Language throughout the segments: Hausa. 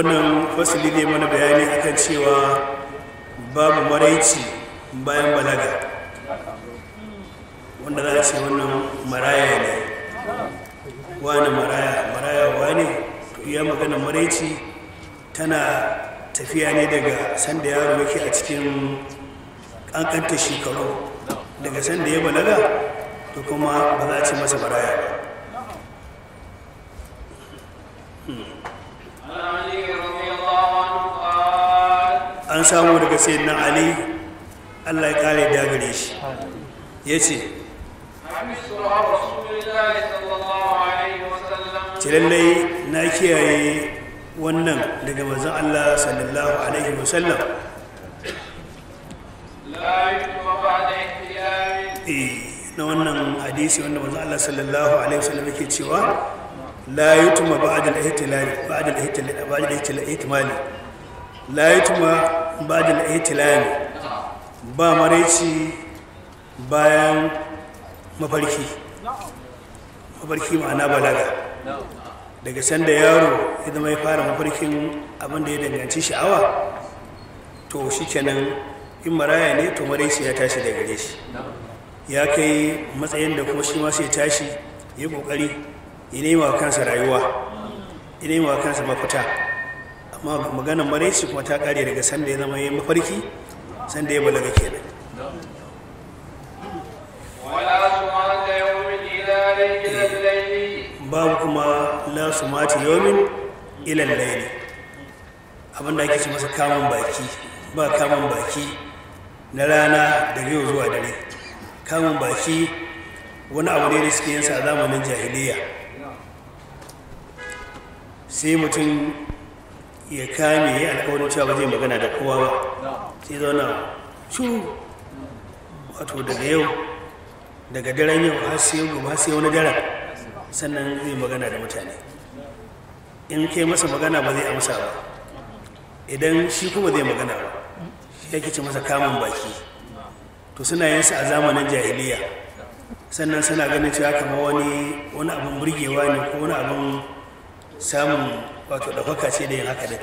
wannan fasili ne mana bayani akan cewa babu maraici bayan balaga wanda za a ce wannan maraya ne wani maraya maraya wani to iya magana maraici tana tafiya ne daga sanda yaro yake a cikin kankanta shekaru daga sanda ya balaga to kuma ba za a ce masa maraya ba hmm. an samu daga sayyidina ali Allah ya kare da gare shi yace ce cilallai na kiyaye wannan daga mazan Allah sallallahu alaihi wasallam eh, na wannan hadisi wanda mazan Allah sallallahu alaihi wasallam yake cewa la yutuma ba'd al-ihtilali ba'd al ba maraici bayan mafarki mafarki ma'ana balaga daga sanda yaro ya zama ya fara mafarkin abin da ya danganci sha'awa to shi kenan in maraya ne to maraici ya tashi da gare shi ya kai matsayin da kuma shi ma sai tashi ya kokari ya wa kansa rayuwa ya wa kansa mafita amma maganar maraici kuma ta kare daga sanda ya zama ya mafarki sanda ya balaga kenan eh, babu kuma la su mati yomin ilan laili abinda ake ci masa kamun baki ba kamun baki na rana da yau zuwa dare kamun baki wani abu ne da suke yin a zamanin jahiliya sai mutum ya kame ya alkawarin cewa ba zai magana da kowa ba sai zauna cu wato daga yau daga daren yau har sai yau har sai wani daren sannan zai magana da mutane in kai masa magana ba zai amsa ba idan shi kuma zai magana ba shi yake ce masa kamun baki to suna yin su a zamanin jahiliya sannan suna ganin cewa kamar wani abin burgewa ne ko wani abin samun wato ɗaukaka ce da yin haka da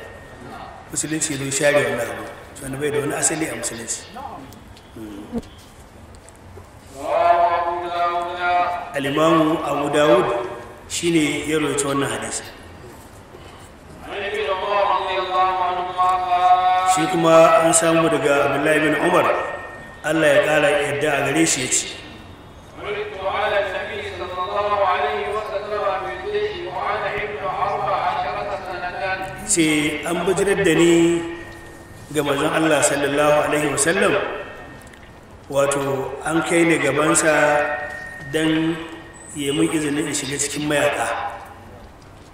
musulunci zai share wani abu wanda bai da wani asali a musulunci alimamu abu dawud shine ya roci wannan hadisi shi kuma an samu daga abdullahi bin umar allah ya kara yadda a gare shi ya ce ce an bujirar da ni ga mazan Allah sallallahu alaihi wasallam wato an kai ni gabansa don ya mun izinin in shiga cikin mayaka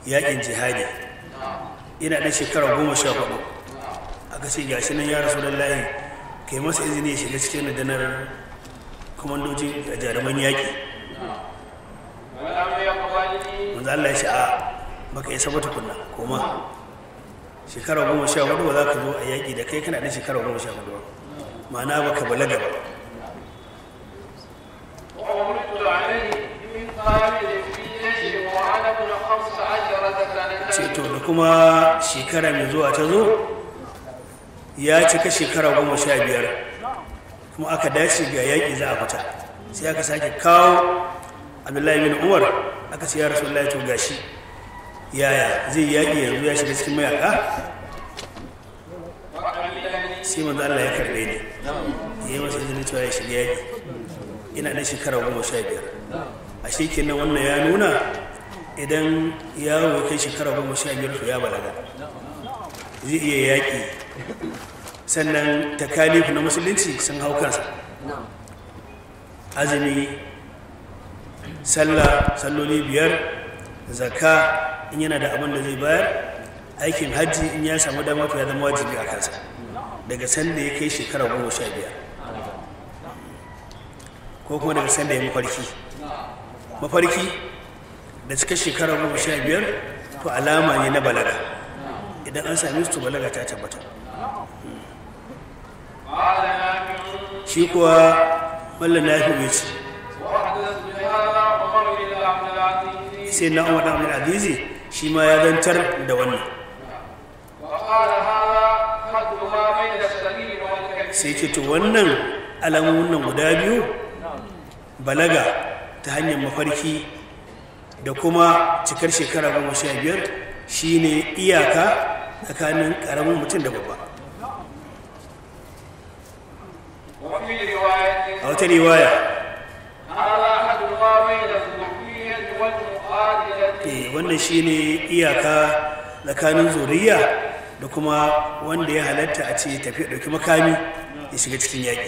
yakin jihadi ina da shekara goma sha hudu aka ce gashi nan ya rasu lallahi kai masa izini ya shiga cikin nadanar kwamandojin a jaruman yaƙi manzo Allah ya sha'a baka isa ba kuna koma shekara goma sha hudu ba za ka zo a yaƙi da kai kana da shekara goma sha hudu ba ma'ana ba ka balaga ba ceto da kuma shekara mai zuwa ta zo ya cika shekara goma sha biyar kuma aka dace ga yaƙi za a fita sai aka sake kawo abdullahi bin umar aka ce ya rasu to gashi yaya zai yaƙi yanzu ya shiga cikin mayaka sai manzo Allah ya karɓe ni yayi masa izinin cewa ya shiga yaƙi ina da shekara goma sha biyar a shekin na wannan ya nuna idan yaro kai shekara goma sha biyar to ya balaga zai iya yaƙi sannan takalifu na musulunci sun hau kansa azumi sallah salloli biyar zaka in yana da abin da zai bayar aikin hajji in ya samu damar ta ya zama wajibi a kansa daga sanda ya kai shekara goma sha biyar ko kuma daga sanda ya mafarki mafarki da cika shekara goma sha biyar to alama ne na balaga idan an sami su balaga ta tabbata shi kuwa mallan na fi ce sai na umar da shi ma ya zantar da wannan sai ce to wannan alamunan guda biyu balaga ta hanyar mafarki da kuma cikar shekara goma sha biyar shi ne iyaka tsakanin ƙaramin mutum da babba a wata riwaya Eh, wannan shi ne iyaka tsakanin zuriya da kuma wanda ya halatta a ce tafi ɗauki makami ya shiga cikin yaƙi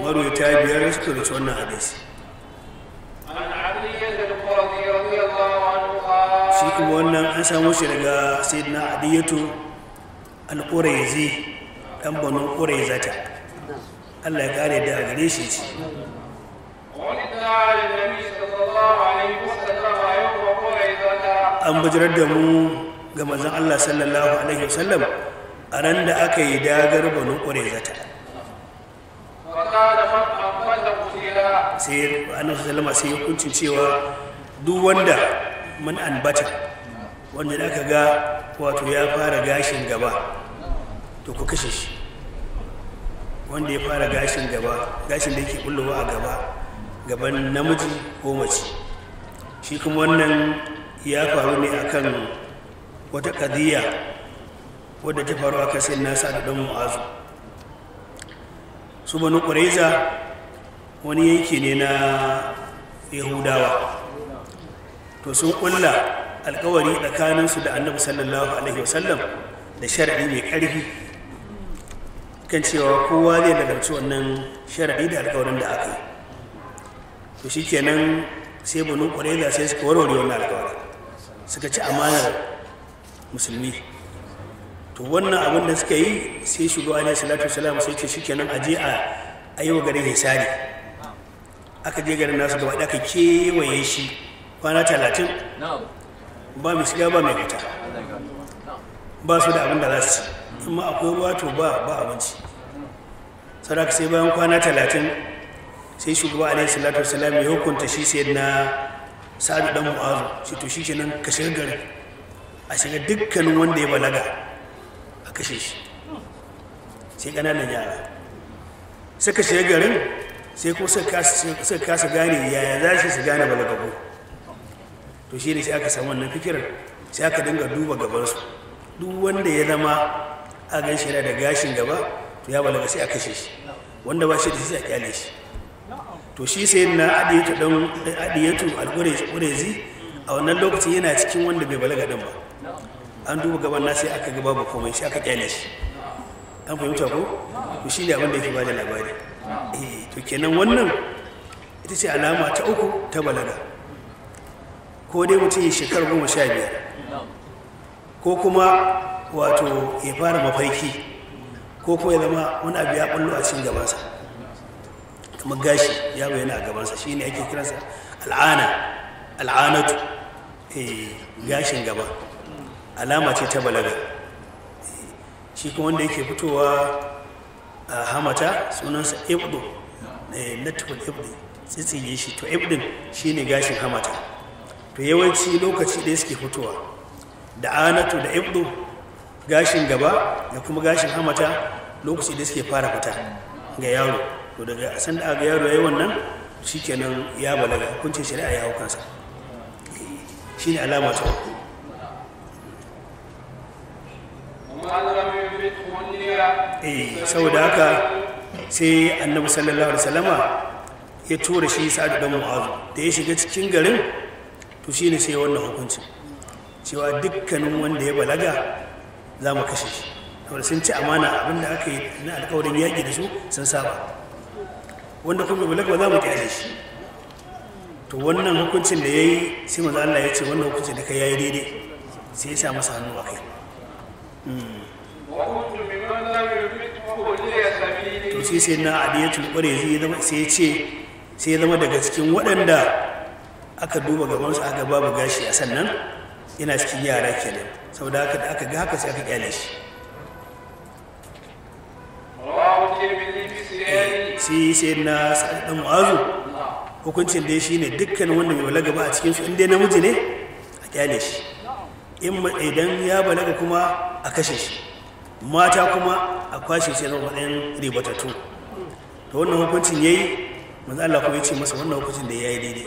marwata biyar suka rufe wannan hadisi shi kuma wannan an samu shi daga sayyidina adiyatu ya qurayzi dan banu zata. Allah ya kare da gare shi ce an bujirar da mu ga mazan Allah sallallahu alaihi wasallam a ran da aka yi dagar banu zata sai annabi sallama sai hukuncin cewa duk wanda man ambata wanda da aka ga wato ya fara gashin gaba to ku kashe shi wanda ya fara gashin gaba gashin da yake kullum a gaba gaban namiji ko mace shi kuma wannan ya faru ne a kan wata kadiyya wadda ta faru a kasar nasa da ɗan mu'azu su banu ƙuraiza wani yanki ne na yahudawa to sun ƙulla alkawari tsakaninsu da annabi sallallahu alaihi wasallam da shari'i mai ƙarfi kan cewa kowa zai lagarci wannan shari'i da alkawarin da aka yi to shikenan sai banu ƙwareza sai suka warware wannan alkawarin suka ci amanar musulmi to wannan abin da suka yi sai shugaba alaihi salatu salam sai ce shikenan a je a ayi wa garin hisari aka je garin nasu gaba aka kewaye shi kwana talatin ba mai shiga ba mai fita ba su da abin da za su ci amma akwai ruwa to ba abinci sadaka sai bayan kwana talatin sai shugaba alaihi salatu wasalam ya hukunta shi sai na sa'adu dan mu'azu shi to shi kenan ka shiga garin a shiga dukkanin wanda ya balaga a kashe shi sai ƙananan yara suka shiga garin sai kuma suka kasa gane yaya za shi su gane balagago to shi ne sai aka samu wannan fikirar sai aka dinga duba gabansu duk wanda ya zama a gan shi da gashin gaba to ya balaga sai a kashe shi wanda ba shi da shi a kyale shi to shi sai na adiyatu dan adiyatu al a wannan lokacin yana cikin wanda bai balaga din ba an duba gaban nasi aka ga babu komai shi aka kyale shi an fahimta ko to shi ne abin da yake bada labari eh to kenan wannan ita ce alama ta uku ta balaga ko dai mutum ya shekaru goma sha biyar ko kuma wato ya fara mafarki ko kuma ya zama wani abu ya ɓallo a cikin gabansa kamar gashi ya bayyana a gabansa shi ne ake kiransa al'ana al'anatu eh, gashin gaba alama ce ta balaga shi kuma wanda yake fitowa a hamata sunansa ibdo eh, latifin ibdo tsitsiye shi to ibdin shi ne gashin hamata to yawanci lokaci da suke fitowa da anatu da ibdo gashin gaba da kuma gashin hamata lokaci da suke fara fita ga yaro to daga san da aka yaro yayi wannan shikenan ya balaga hukuncin shari'a ya hau shine alama ta uku eh saboda haka sai annabi sallallahu alaihi wasallama ya tura shi sa'ad da mu'azu da ya shiga cikin garin to shine sai wannan hukuncin cewa dukkanin wanda ya balaga za mu kashe shi saboda sun ci amana abinda aka yi na alkawarin yaƙi da su sun saba wanda kuma bala ba za mu kyale shi to wannan hukuncin da ya yi sai maza Allah ya ce wannan hukuncin da ka yayi daidai sai ya sa masa hannu a kai hmm. to sai sai na adiyatul kware sai zama sai ya ce sai ya zama daga cikin waɗanda aka duba gaban su aka babu gashi a sannan yana cikin yara kenan saboda haka da aka ga haka sai aka kyale shi shi na sa'ad dan mu'azu hukuncin dai shine dukkan wanda mai balaga ba a cikin su in dai namiji ne a kyale shi In idan ya balaga kuma a kashe shi mata kuma a kwashe shi zama waɗannan ribatattu to wannan hukuncin ya yi maza Allah kuma ya ce masa wannan hukuncin da ya yi daidai eh.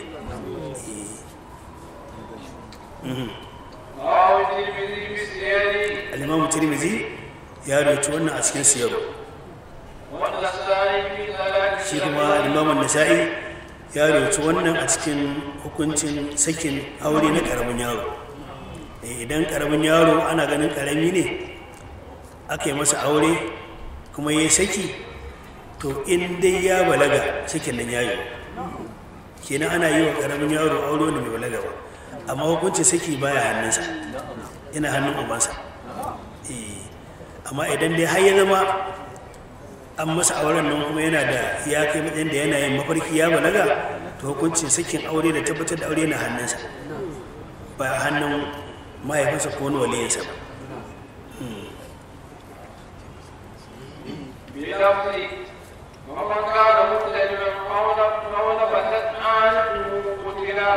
mhm. alimamu tirmizi ya rawaito wannan a cikin siyaru shi kuma imamun nasa'i ya rauci wannan a cikin hukuncin sakin aure na karamin yaro eh, idan karamin yaro ana ganin karami ne aka yi masa aure kuma ya saki to in dai ya balaga sakin nan yayi kenan ana yi wa karamin yaro aure wanda mai balaga ba amma hukuncin saki baya hannunsa yana hannun ubansa eh, amma idan dai har ya zama an masa auren nan kuma yana da ya kai matsayin da yana yin mafarki ya balaga to hukuncin sakin aure da tabbatar da aure na hannunsa ba hannun mahaifinsa ko wani waliyinsa ba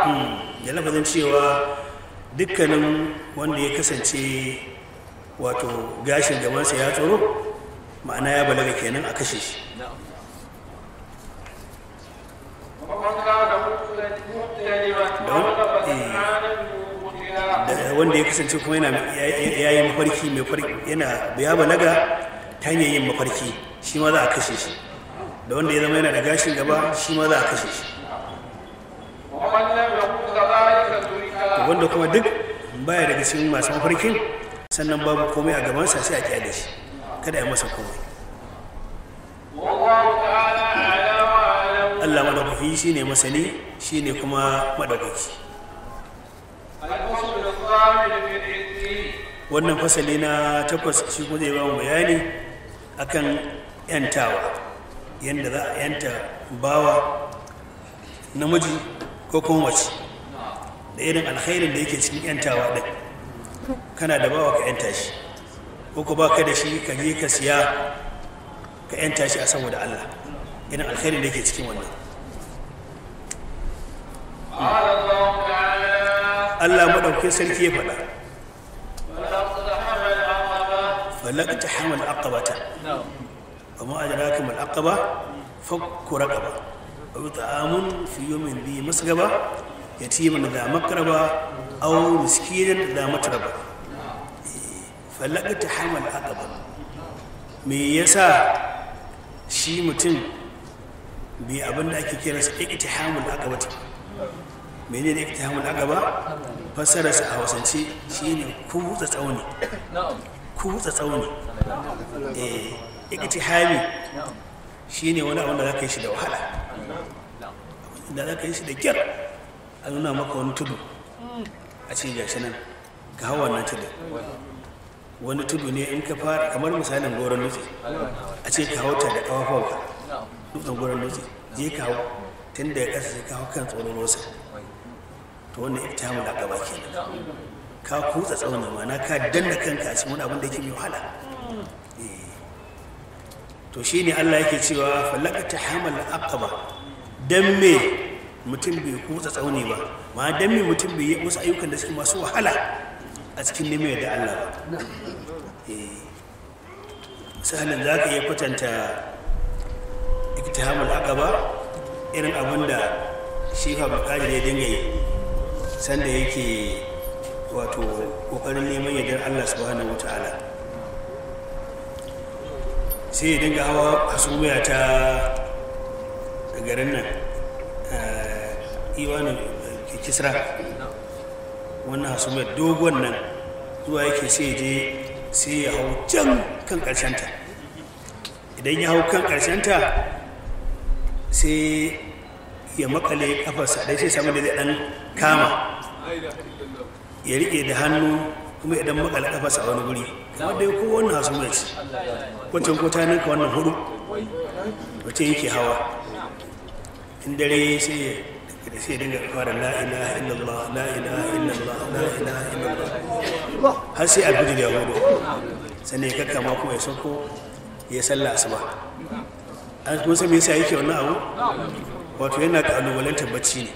hmm. da lafazin cewa dukkanin wanda ya kasance wato gashin gabansa ya tsoro ma'ana ya balaga kenan a kashe shi da wanda ya kasance kuma yana ya yi mafarki mai farki yana ya balaga ta hanyar yin mafarki shi ma za a kashe shi da wanda ya zama yana da gashin gaba shi ma za a kashe shi wanda kuma duk baya daga cikin masu mafarkin sannan babu komai a gabansa sai a kyale shi kada ya masa komai Allah madaukaki shine masani shi ne kuma madaukaki wannan fasali na takwas shi kuma zai ba mu bayani akan yantawa yadda za a yanta bawa namiji ko kuma wace da irin alkhairin da yake cikin yantawa ɗin kana da bawa ka yanta shi ko ko baka da shi ka je ka siya ka yanta shi a saboda Allah irin alkhairin da ke cikin wannan Allah madaukakin sarki ya faɗa falaka ta hamal aqabata amma adraka mal aqaba fakku raqaba aw ta'amun fi yawmin bi masgaba yatiman da makraba aw miskinan da matraba falakata hamal aqaba me yasa shi mutum bai abin da ake kira su iktihamul aqaba mene ne iktihamul aqaba fassara sa a wasance shine kutsa tsauni kutsa tsauni eh iktihami shine wani abu da zaka yi shi da wahala da zaka yi shi da kyar a nuna maka wani tudu a ce gashi nan ka hawa nan tudu wani tudu ne in ka fara kamar misalin goron dutse a ce ka hauta da kafafunka dutsen goron dutse je ka hau tun da ya kasa sai ka hau kan tsoron rosa to wannan ita mu da gaba kenan ka kutsa tsaunin mana ka danna kanka a cikin wani abin da yake yi wahala eh. to shi ne Allah yake cewa falaka ta hamal aqaba dan me mutum bai kutsa tsauni ba ma dan me mutum bai yi wasu ayyukan da suke masu wahala a cikin nemi da Allah ba eh, sahalin za ka iya kwatanta haka ba irin abin da shi bakari ya dinga yi sanda yake wato kokarin neman yadda Allah su subhanahu wata'ala sai ya dinga hawa hasumiya ta garin nan eh, iwanin kisra wannan mai dogon nan zuwa yake sai je sai ya hau can kan ta idan ya hau kan ta sai ya makale kafarsa dai sai samu da zai dan kama ya riƙe da hannu kuma idan makale kafarsa a wani guri kuma dai ko wannan mai ci wancan ko ta ninka wannan hudu wacce yake hawa in dare sai sai dinga fara la ilaha illallah la ilaha illallah la ilaha illallah har sai alfijir ya gudu sannan ya kakkama kuma ya sauko ya sallah asuba an kuma san me yasa yake wannan abu wato yana kalubalantar bacci ne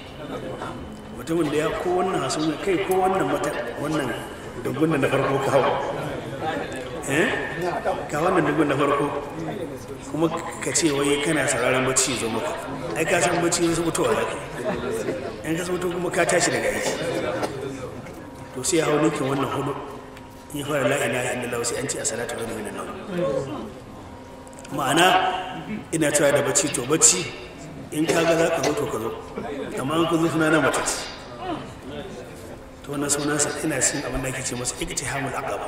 mutumin da ya ko wannan hasu kai ko wannan mata wannan dungun na farko kawo Eh? ga wannan dubin na farko kuma ka ce wai kana sauraron bacci zo maka ai ka san bacci wasu mutuwa za ka in ka mutu kuma ka tashi daga aiki to sai ya hau nukin wannan hudu Yi fara la ya illallah sai an ce a salatu wani wani nan ma'ana ina cewa da bacci to bacci in ka ga za ka zo to ka zo amma in ku zo suna na mutaci to wannan sunansa ina cin abin da ake ce masa ikiti hamul aqaba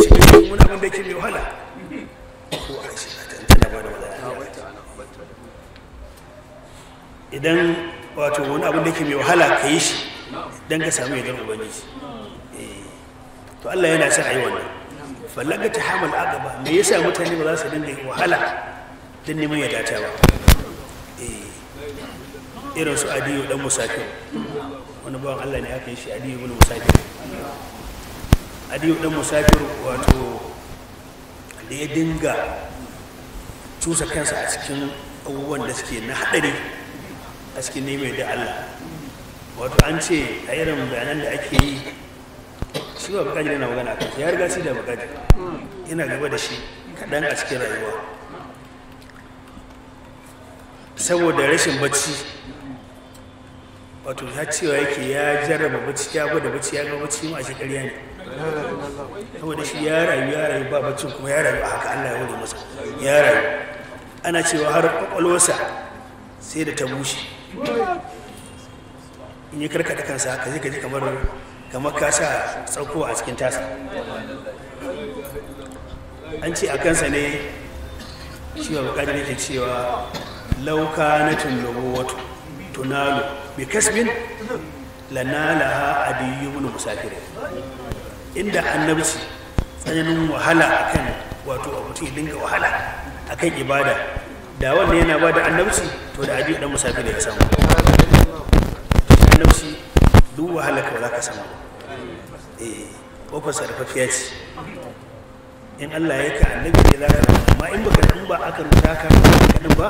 shi ne mun abin da yake mai wahala ko a shi tana ba da wahala idan wato wani abin da yake mai wahala ka yi shi idan ka samu yadda ubangiji eh, to Allah yana son a yi wannan fallaga ta hamal aqaba me yasa mutane ba za su dinga wahala don neman ya dace ba eh, irin su adiyo dan musafir wani bawan Allah ne aka yi shi adiyu bin musafir adiyu dan musafir wato da ya dinga cusa kansa a cikin abubuwan da suke na hadari a cikin neme da Allah wato an ce a irin bayanan da ake yi shi ba bakaji yana magana kansa ya riga shi da bakaji yana gaba da shi kaɗan a cikin rayuwa saboda rashin bacci wato ya cewa yake ya jarraba bacci ya gwada bacci ya ga bacci ma shi ƙarya ne saboda shi ya rayu ya rayu ba bacci kuma ya rayu a haka Allah ya wuri masa ya rayu ana cewa har kwakwalwarsa sai da ta bushe in yi karkata kansa haka zai kaji kamar kamar ka sa tsaukowa a cikin tasa an ce a kansa ne shi wa bukatar yake cewa lauka na tun wato tunalu bi kasbin lanalaha adiyyu ibn musafir inda annabci tsananin wahala akan wato abuti dinga wahala akan ibada da wanda yana bada annabci to da adiyyu dan musafir ya samu annabci duk wahala ka za ka samu eh kofar sarfafiya ce in Allah ya ka annabi ya za ka amma in baka in ba aka rubuta ka kanin ba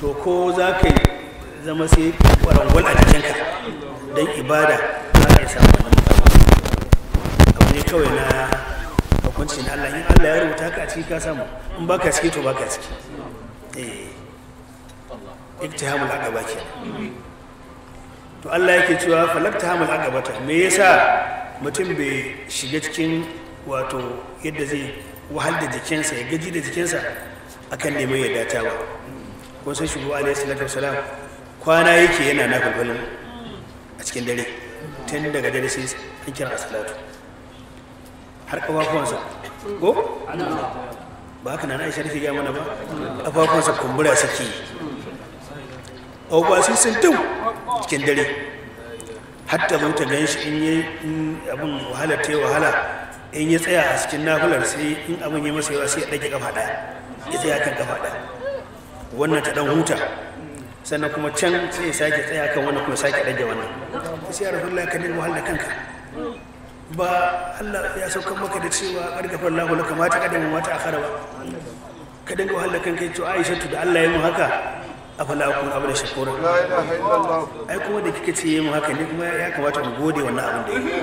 to ko za ka yi zama sai kwarangwal a jikinka don ibada ba ka samu wannan matsala abu ne kawai na hukunci na Allah in Allah ya rubuta ka a ciki ka samu in ba ka ciki to ba ka ciki eh iktihamul ba ke to Allah yake cewa falaktihamul ta me yasa mutum bai shiga cikin wato yadda zai wahal da jikinsa ya gaji da jikinsa akan neman ya dace ba kun san shugaba alaihi salatu wasalam kwana yake yana na kulkulin a cikin dare tun daga dare sai an kira a salatu har kafafuwansa ko ba haka na na aisha take gaya mana ba kafafuwansa kumbura suke abubuwa sun sun tun cikin dare hatta mota ta gan shi in yi abin wahala ta yi wahala in ya tsaya a cikin nafular sai in abin ya masa yawa sai ya ɗage kafa ɗaya ya tsaya kan kafa ɗaya wannan ta ɗan huta sannan kuma can sai ya sake tsaya kan wannan kuma sake rage wannan sai ya rafi Allah ka nemi wahala kanka ba Allah ya sauka maka da cewa ƙarƙafar lahu ka mata kadama mata akhara ba ka dinga kanka Aisha da Allah ya mu haka afala kun abu da shakura ai kuma da kika ce mu haka ne kuma ya kamata mu gode wannan abin da yake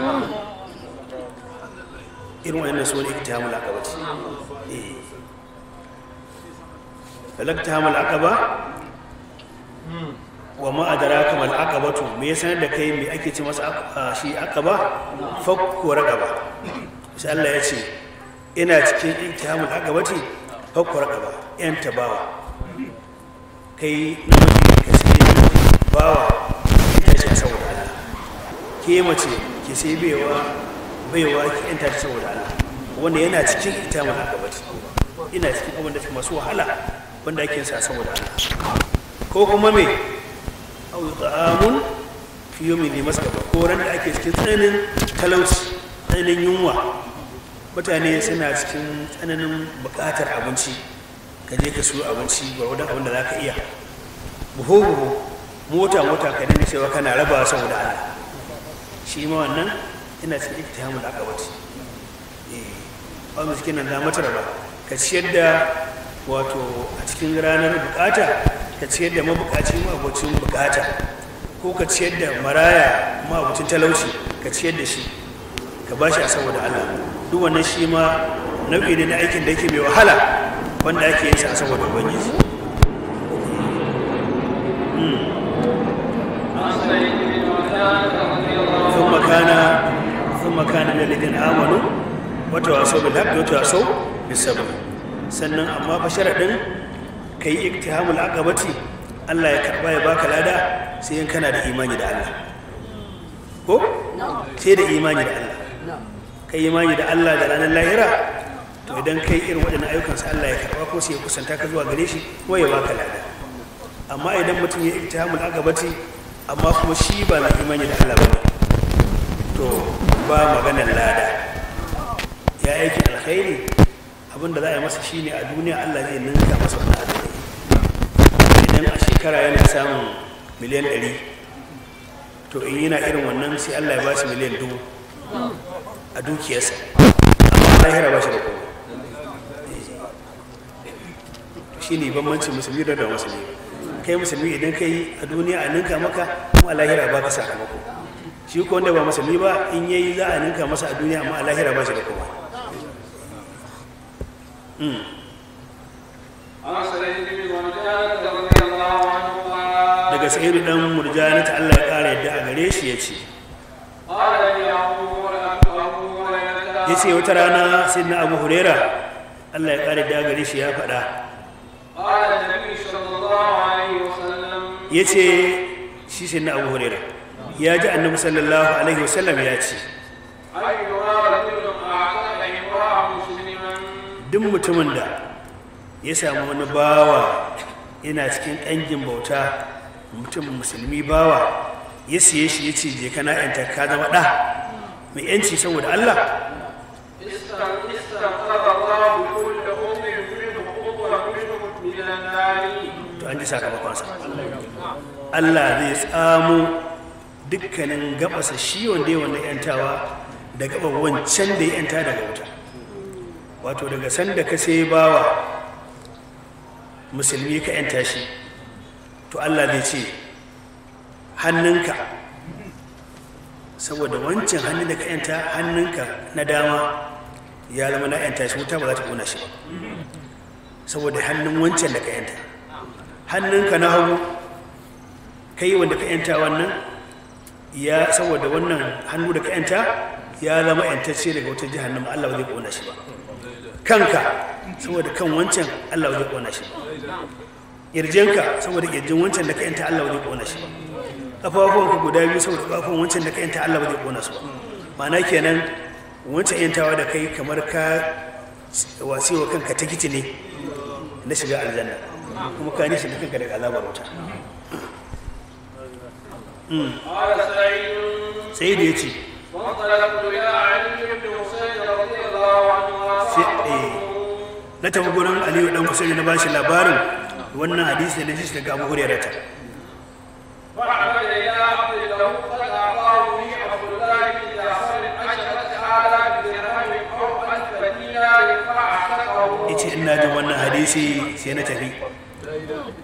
irin wannan sunan iktihamul aqaba ce eh falaktihamul aqaba wa ma'adara kamar akabatu me ya sanar da kai me ake ce masa shi akaba fakko ragaba sai Allah ya ce ina cikin intihamul akabati fakko ragaba yan tabawa kai namiji ka sai bawa ita ce saboda Allah ke mace ke sai baiwa baiwa ki yan ta saboda Allah wanda yana cikin intihamul akabati ina cikin abin da masu wahala wanda ake sa saboda Allah ko kuma me au ta'amun fi yawmin dhi masgaba ko ran da ake cikin tsananin talauci tsananin yunwa mutane suna cikin tsananin bukatar abinci ka je ka su abinci gwargwadon abin da za ka iya buhu buhu mota mota ka dinga cewa kana raba saboda ala. shi ma wannan ina cikin aka wace A ba cikin nan za mata raba ka ciyar da wato a cikin ranar bukata ka ciyar da mabukaci mabocin bukata ko ka ciyar da maraya mabocin talauci ka ciyar da shi ka ba shi a saboda Allah duk wannan shi ma nau'i ne na aikin da yake mai wahala wanda ake yin sa a saboda ubangiji ثم كان ثم كان للذين امنوا وتواصوا بالحق وتواصوا بالصبر sannan amma fa ɗin. ka yi iktihamul aqabati Allah ya karba ya baka lada sai in kana da imani da Allah ko sai da imani da Allah kai imani da Allah da ranar lahira to idan kai irin waɗannan ayyukan Allah ya karba ko sai ya kusanta ka zuwa gare shi ko ya baka lada amma idan mutum ya iktihamul aqabati amma kuma shi ba na imani da Allah ba to ba maganar lada ya aiki alkhairi abinda za a yi masa shine a duniya Allah zai ninka masa wannan alkhairi idan a shekara yana samun miliyan ɗari to in yana irin wannan sai allah ya ba su miliyan 2 a dukiyarsa amma lahira ba shi da kowa shi ne bambancin musulmi da da musulmi kai musulmi idan ka yi a duniya a ninka maka kuma a lahira ba ka sakamako shi ko wanda ba musulmi ba in yayi za a ninka masa a duniya amma a lahira ba shi da kowa an sarai daga sa'idu dan murjani ta Allah ya kara yadda a gare shi ya ce ya ce wata rana sai na abu hurera Allah ya kara yadda a gare shi ya faɗa ya ce shi sai na abu hurera ya ji annabi sallallahu alaihi wasallam ya ce duk mutumin da ya samu wani bawa yana cikin ɗangin bauta mutum musulmi bawa ya siye shi ya ce je kana yanta ka zama ɗa mai yanci saboda Allah to an ji sakamakonsa Allah zai tsamo dukkanin gabasa shi wanda ya yantawa da wancan da ya yanta daga wuta wato daga sanda ka sai bawa musulmi ka yanta shi to Allah zai ce hannunka saboda wancan hannun da ka yanta hannunka na dama ya zama na yanta shi wuta ba za ta kuna shi ba saboda hannun wancan da ka yanta hannunka na hagu ka yi wanda ka yanta wannan ya saboda wannan hannu da ka yanta ya zama yantacce daga wata jihannama Allah zai kuna shi ba kanka saboda kan wancan Allah wajen kona shi Yarjenka saboda kirjin wancan da ka yanta Allah wajen kona shi ka guda biyu saboda kafafuwan wancan da ka yanta Allah wajen kona su ma'ana kenan wancan yantawa da kai kamar ka wasi wa kanka ta giti ne na shiga aljanna kuma ka nishi da kanka daga azabar wuta hmm. sai da ya ce sai eh. na tafi gurin aliyu dan kusurri na bashi labarin wannan hadisi da shi daga abu hurera ta ice ina jin wannan hadisi sai na tafi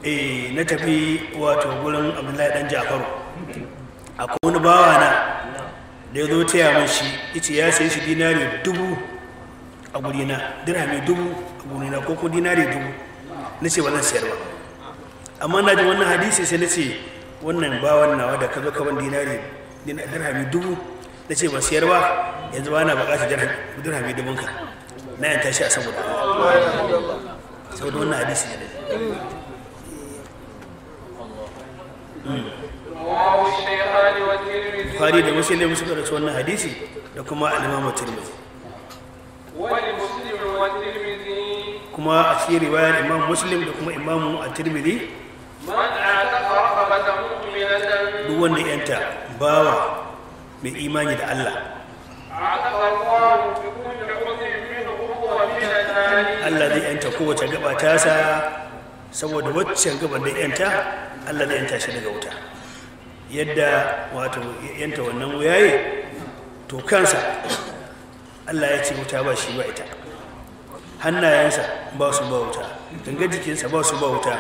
eh na tafi wato gurin abdullahi dan jafaru akwai wani bawa na da ya zo taya min shi ice ya sai shi dinari dubu a gudina dirhami dubu a gudina ko ko dinari dubu na ce ba zan siyar ba amma na ji wannan hadisi sai na ce wannan bawan nawa da ka zo ka ban dinari dirhami dubu na ce ban siyar ba yanzu ba na bukatar dirhami dubun ka na yanta shi a saboda saboda wannan hadisi ne Bukhari da Muslim suka rasu wannan hadisi da kuma al-Imam Tirmidhi kuma a cikin riwayar imam muslim da kuma imamu a tirmidhi duk wanda yanta bawa mai imani da Allah Allah zai yanta kowace gaba sa saboda waccan gaban da yanta Allah zai yanta shi daga wuta yadda wato yanta wannan wuyaye to kansa Allah ya ce wuta ba shi ba ita hannayensa ba su ba wuta ganga jikinsa ba su ba wuta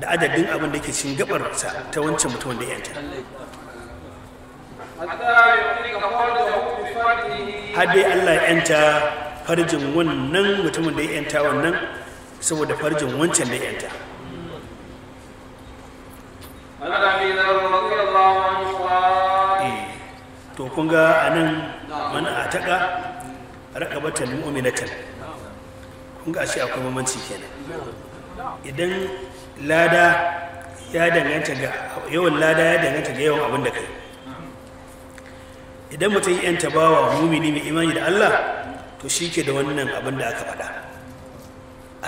da adadin abin da ke cin gabarsa ta wancan mutumin da yanta har Haɗe Allah ya yanta farjin wannan mutumin da ya yanta wannan saboda farjin wancan da ya yanta eh, to kun ga anan man a taƙa rakabatan mu'minatan kun ga shi akwai mamanci kenan idan lada ya danganta ga yawan lada ya danganta ga yawan abin da kai idan mutum yan tabawa mumini mai imani da Allah to shi ke da wannan abin da aka faɗa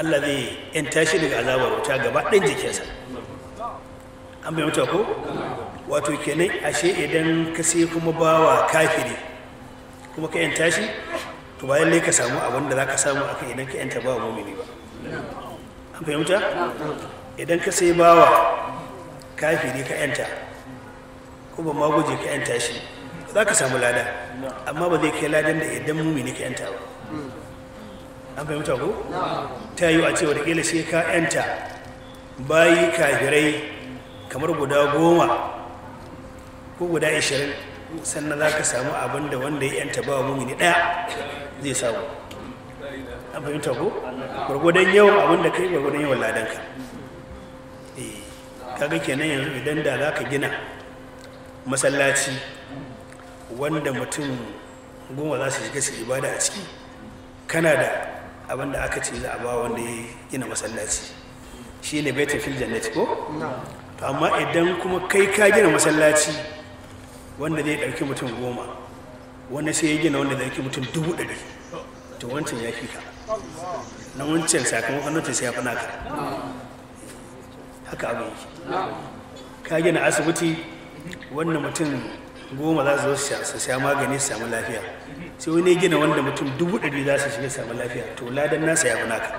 Allah zai yan tashi daga azabar wuta gaba ɗin jikinsa an bai ko wato kenan ashe idan ka sai kuma bawa kafiri kuma ka yan tashi to bayan ne ka samu abin da za ka samu akan idan ka yanta bawa mumini ba an fahimta idan ka sai bawa ne ka yanta ko ba ma guje ka yanta shi za ka samu lada amma ba zai kai ladan da idan mumini ka yanta ba an fahimta ko ta yi a cewa da ƙila sai ka yanta bayi kafirai kamar guda goma ko guda ashirin sannan za ka samu abin da wanda ya yanta ba mumini ɗaya zai samu a fahimta ko gwargwadon yau abin da kai gwargwadon yau ladanka eh, kaga kenan yanzu idan da za ka gina masallaci wanda mutum goma za su shiga su ibada a ciki kana da abin da aka ce za a ba wanda ya gina masallaci shi ne bai tafi jannati ko to amma idan kuma kai ka gina masallaci wanda zai ɗauki mutum goma wanda sai ya gina wanda zai ɗauki mutum dubu ɗari to wancan ya fi ka na wancan sakamakon wancan sai ya fi naka haka abin yake ka gina asibiti wannan mutum goma za su zo su sha magani su samu lafiya sai wani gina wanda mutum dubu ɗari za su shiga samu lafiya to ladan nasa ya fi naka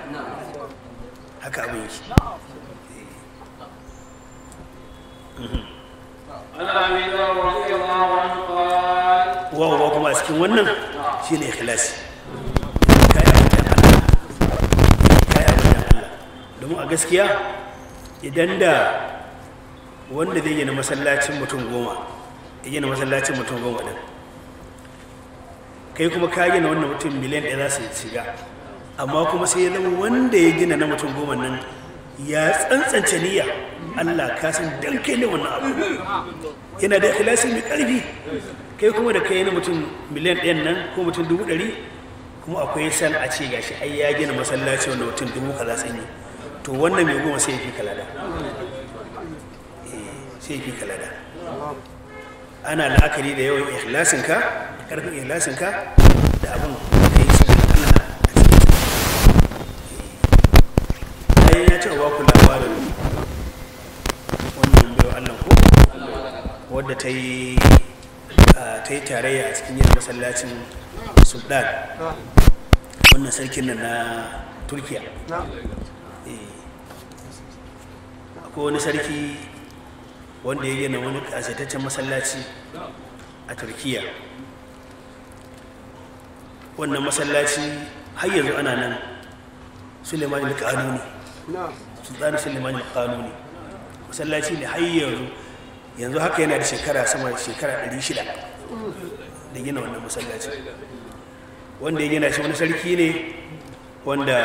haka abin yake wa kuma a cikin wannan shi ne khilasi domin a gaskiya idan da wanda zai gina masallacin mutum goma ya gina masallacin mutum goma ɗin kai kuma ka gina wannan mutum miliyan ɗaya za su shiga amma kuma sai ya zama wanda ya gina na mutum goma nan ya tsantsance niyya Allah ka san dan kai ne wannan abu yana da ikhlasi mai ƙarfi kai kuma da kai na mutum miliyan ɗayan nan ko mutum dubu ɗari kuma akwai san a ce gashi ai ya gina masallaci wanda mutum dubu ka za su yi to wannan mai goma sai ya fi kalada eh, sai ya fi kalada ana la'akari da yawan ikhlasinka da karfin ikhlasinka da abin da yi sun ana a cikin bayan eh, ya ce wa ku da wannan bayo Allah ko wadda ta yi ta yi tarayya a cikin yin masallacin sudan wannan sarkin nan na turkiya ko wani sarki wanda ya gina wani kasetaccen masallaci a turkiya wannan masallaci har yanzu ana nan suleiman al-kanuni sultan suleiman al-kanuni masallaci ne har yanzu yanzu haka yana da shekara sama da shekara 600 da gina wannan masallaci wanda ya gina shi wani sarki ne wanda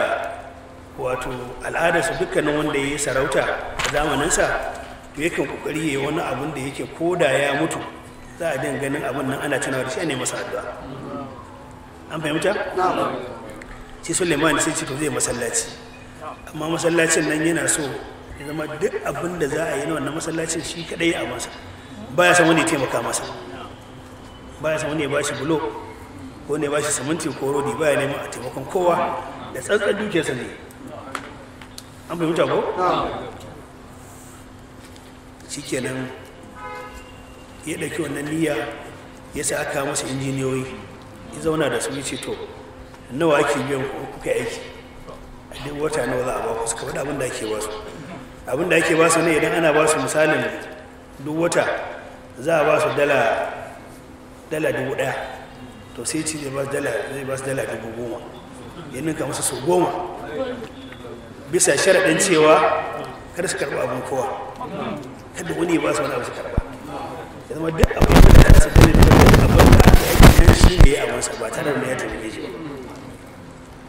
wato al'adarsa dukkanin wanda ya yi sarauta a zamaninsa to yakan kokari ya yi wani abin da yake da ya mutu za a dinga ganin abin nan ana tunawa da shi ne masa addu'a an fahimta shi suleiman sai ci to zai masallaci amma masallacin nan yana so ya zama duk abin da za a yi na wannan masallacin shi kadai a masa baya san wani ya taimaka masa baya san wani ya bashi bulo ko ne bashi siminti ko rodi baya neman a taimakon kowa da tsantsan dukiyarsa ne an bai huta ko shikenan ya ɗauki wannan niyya ya sa aka masa injiniyoyi ya zauna da su ya ce to nawa ake biyan ku kuka aiki a duk wata nawa za a ba ku suka faɗi abin da ake ba su abin da ake ba su ne idan ana ba su misalin duk wata za a ba su dala dala dubu ɗaya to sai ci zai ba su dala dubu goma yannin ka masa sau goma bisa sharaɗin cewa kada su karɓi abin kowa kada wani ba su wani abu su karɓa ya zama duk abin da ta su gani da duk abin da aka yi nan shi ne a wasu ba tare da ya tafi shi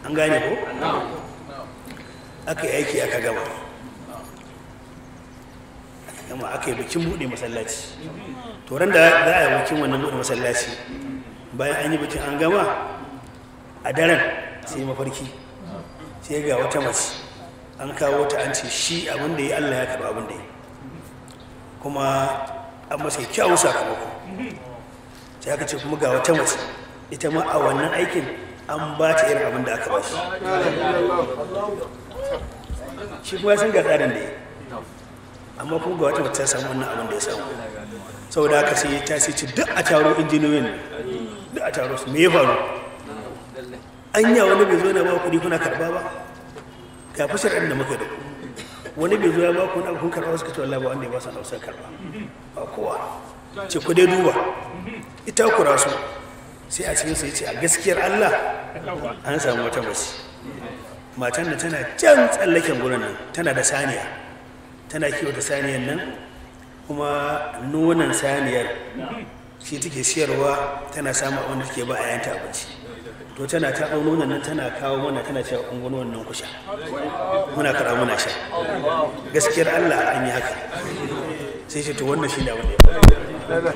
an gane ko aka yi aiki aka gama aka gama aka yi bikin buɗe masallaci to ran da za a yi bikin wannan buɗe masallaci bayan an yi bikin an gama a daren sai mafarki sai ga wata mace an kawo ta an ce shi abin da ya Allah ya karɓa abin da ya kuma an masa kyawun sakamako sai aka ce kuma ga wata mace ita ma a wannan aikin an ba ta irin abin da aka ba shi shi kuma sun ga tsarin da ya amma kuma ga wata mace ta samu wannan abin da ya samu saboda aka sai ta sai ci duk a taro injiniyoyin duk a taro su me ya faru an yi wani bai zo na ba kuɗi kuna karba ba ga fi inda da muka da wani bai zo ya ba ku na kun karɓa suka ce wallahi ba wanda ya ba su karɓa ba kowa ce ku dai duba ita ku rasu. sai a cikin su ce a gaskiyar Allah an samu wata basi. matan da tana can tsallaken gurin nan tana da saniya tana kiwo da saniyar nan kuma nonon saniyar shi take siyarwa tana samu abin da take ba a yanta abinci to tana ta auno nan tana kawo mana tana cewa an gano wannan kusha muna kara muna sha gaskiyar Allah an yi haka sai ce to wannan shi da abin da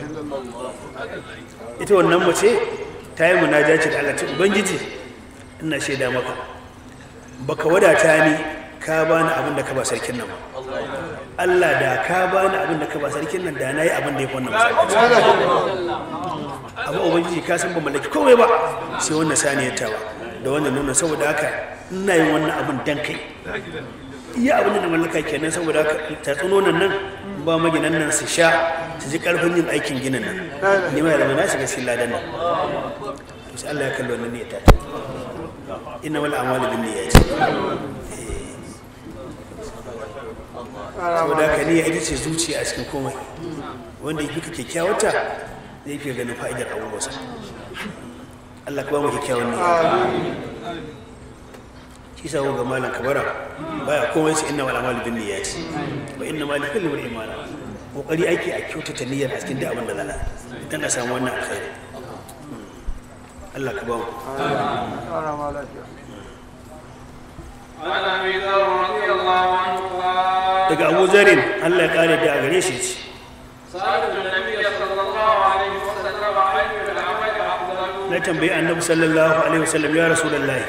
ita wannan mace ta yi munajaci da Allah ta ubangiji ina shaida maka baka wadata ni ka bani abin da ka ba sarkin nan ba Allah da ka bani abin da ka ba sarkin nan da na yi abin da ya wannan abu ubangiji ka san ba mallaki komai ba sai wannan saniyar tawa da wannan nuna saboda haka ina yin wannan abin dan kai iya abin da mallaka kenan saboda haka tatsunonan nan ba maginan nan su sha su ji karfin yin aikin ginin nan ni ma yarda na shiga cikin ladan nan to sai Allah ya kalli wannan ne ya ta inna wal a'malu bin niyyati to da ka niyya ita ce zuciya a cikin komai wanda ya duka kyakkyawata zai fi ganin fa'idar abubuwansa Allah ka ba mu kyakkyawan niyya shi sa ga malam kabara baya komai sai inna wala malu bin niyyati wa inna ma li kulli mar'in ma kokari ake a kyautata niyyar a cikin da abin da lala dan a samu wannan alkhairi Allah ka ba mu amin daga abu zarin allah ya kare da a gare shi ce na tambayi annabi sallallahu alaihi wasallam ya rasu lallahi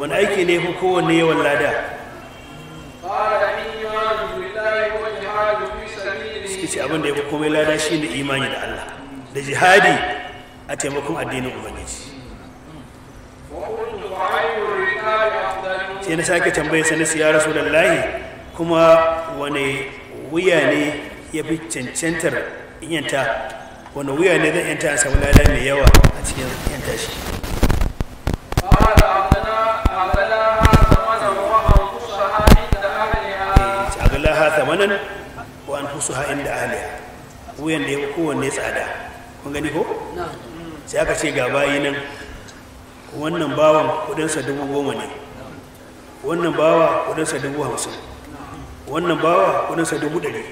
wani aiki ne ko kowanne yawan lada suke ce abinda ya fi komai lada shi ne imani da allah da jihadi a taimakon addinin ubangiji sai na sake tambaye sani su ya rasu lallahi kuma wani wuya ne ya fi cancantar yanta wani wuya ne zan yanta a samu lada mai yawa a cikin yanta shi eh, agalaha samanan wa an husu ha inda ahaliya wuyan da ya kowanne tsada kun gani ko sai aka ce ga bayi nan wannan bawan kudinsa dubu goma ne wannan bawa kudinsa dubu hamsin wannan bawa kudinsa dubu ɗari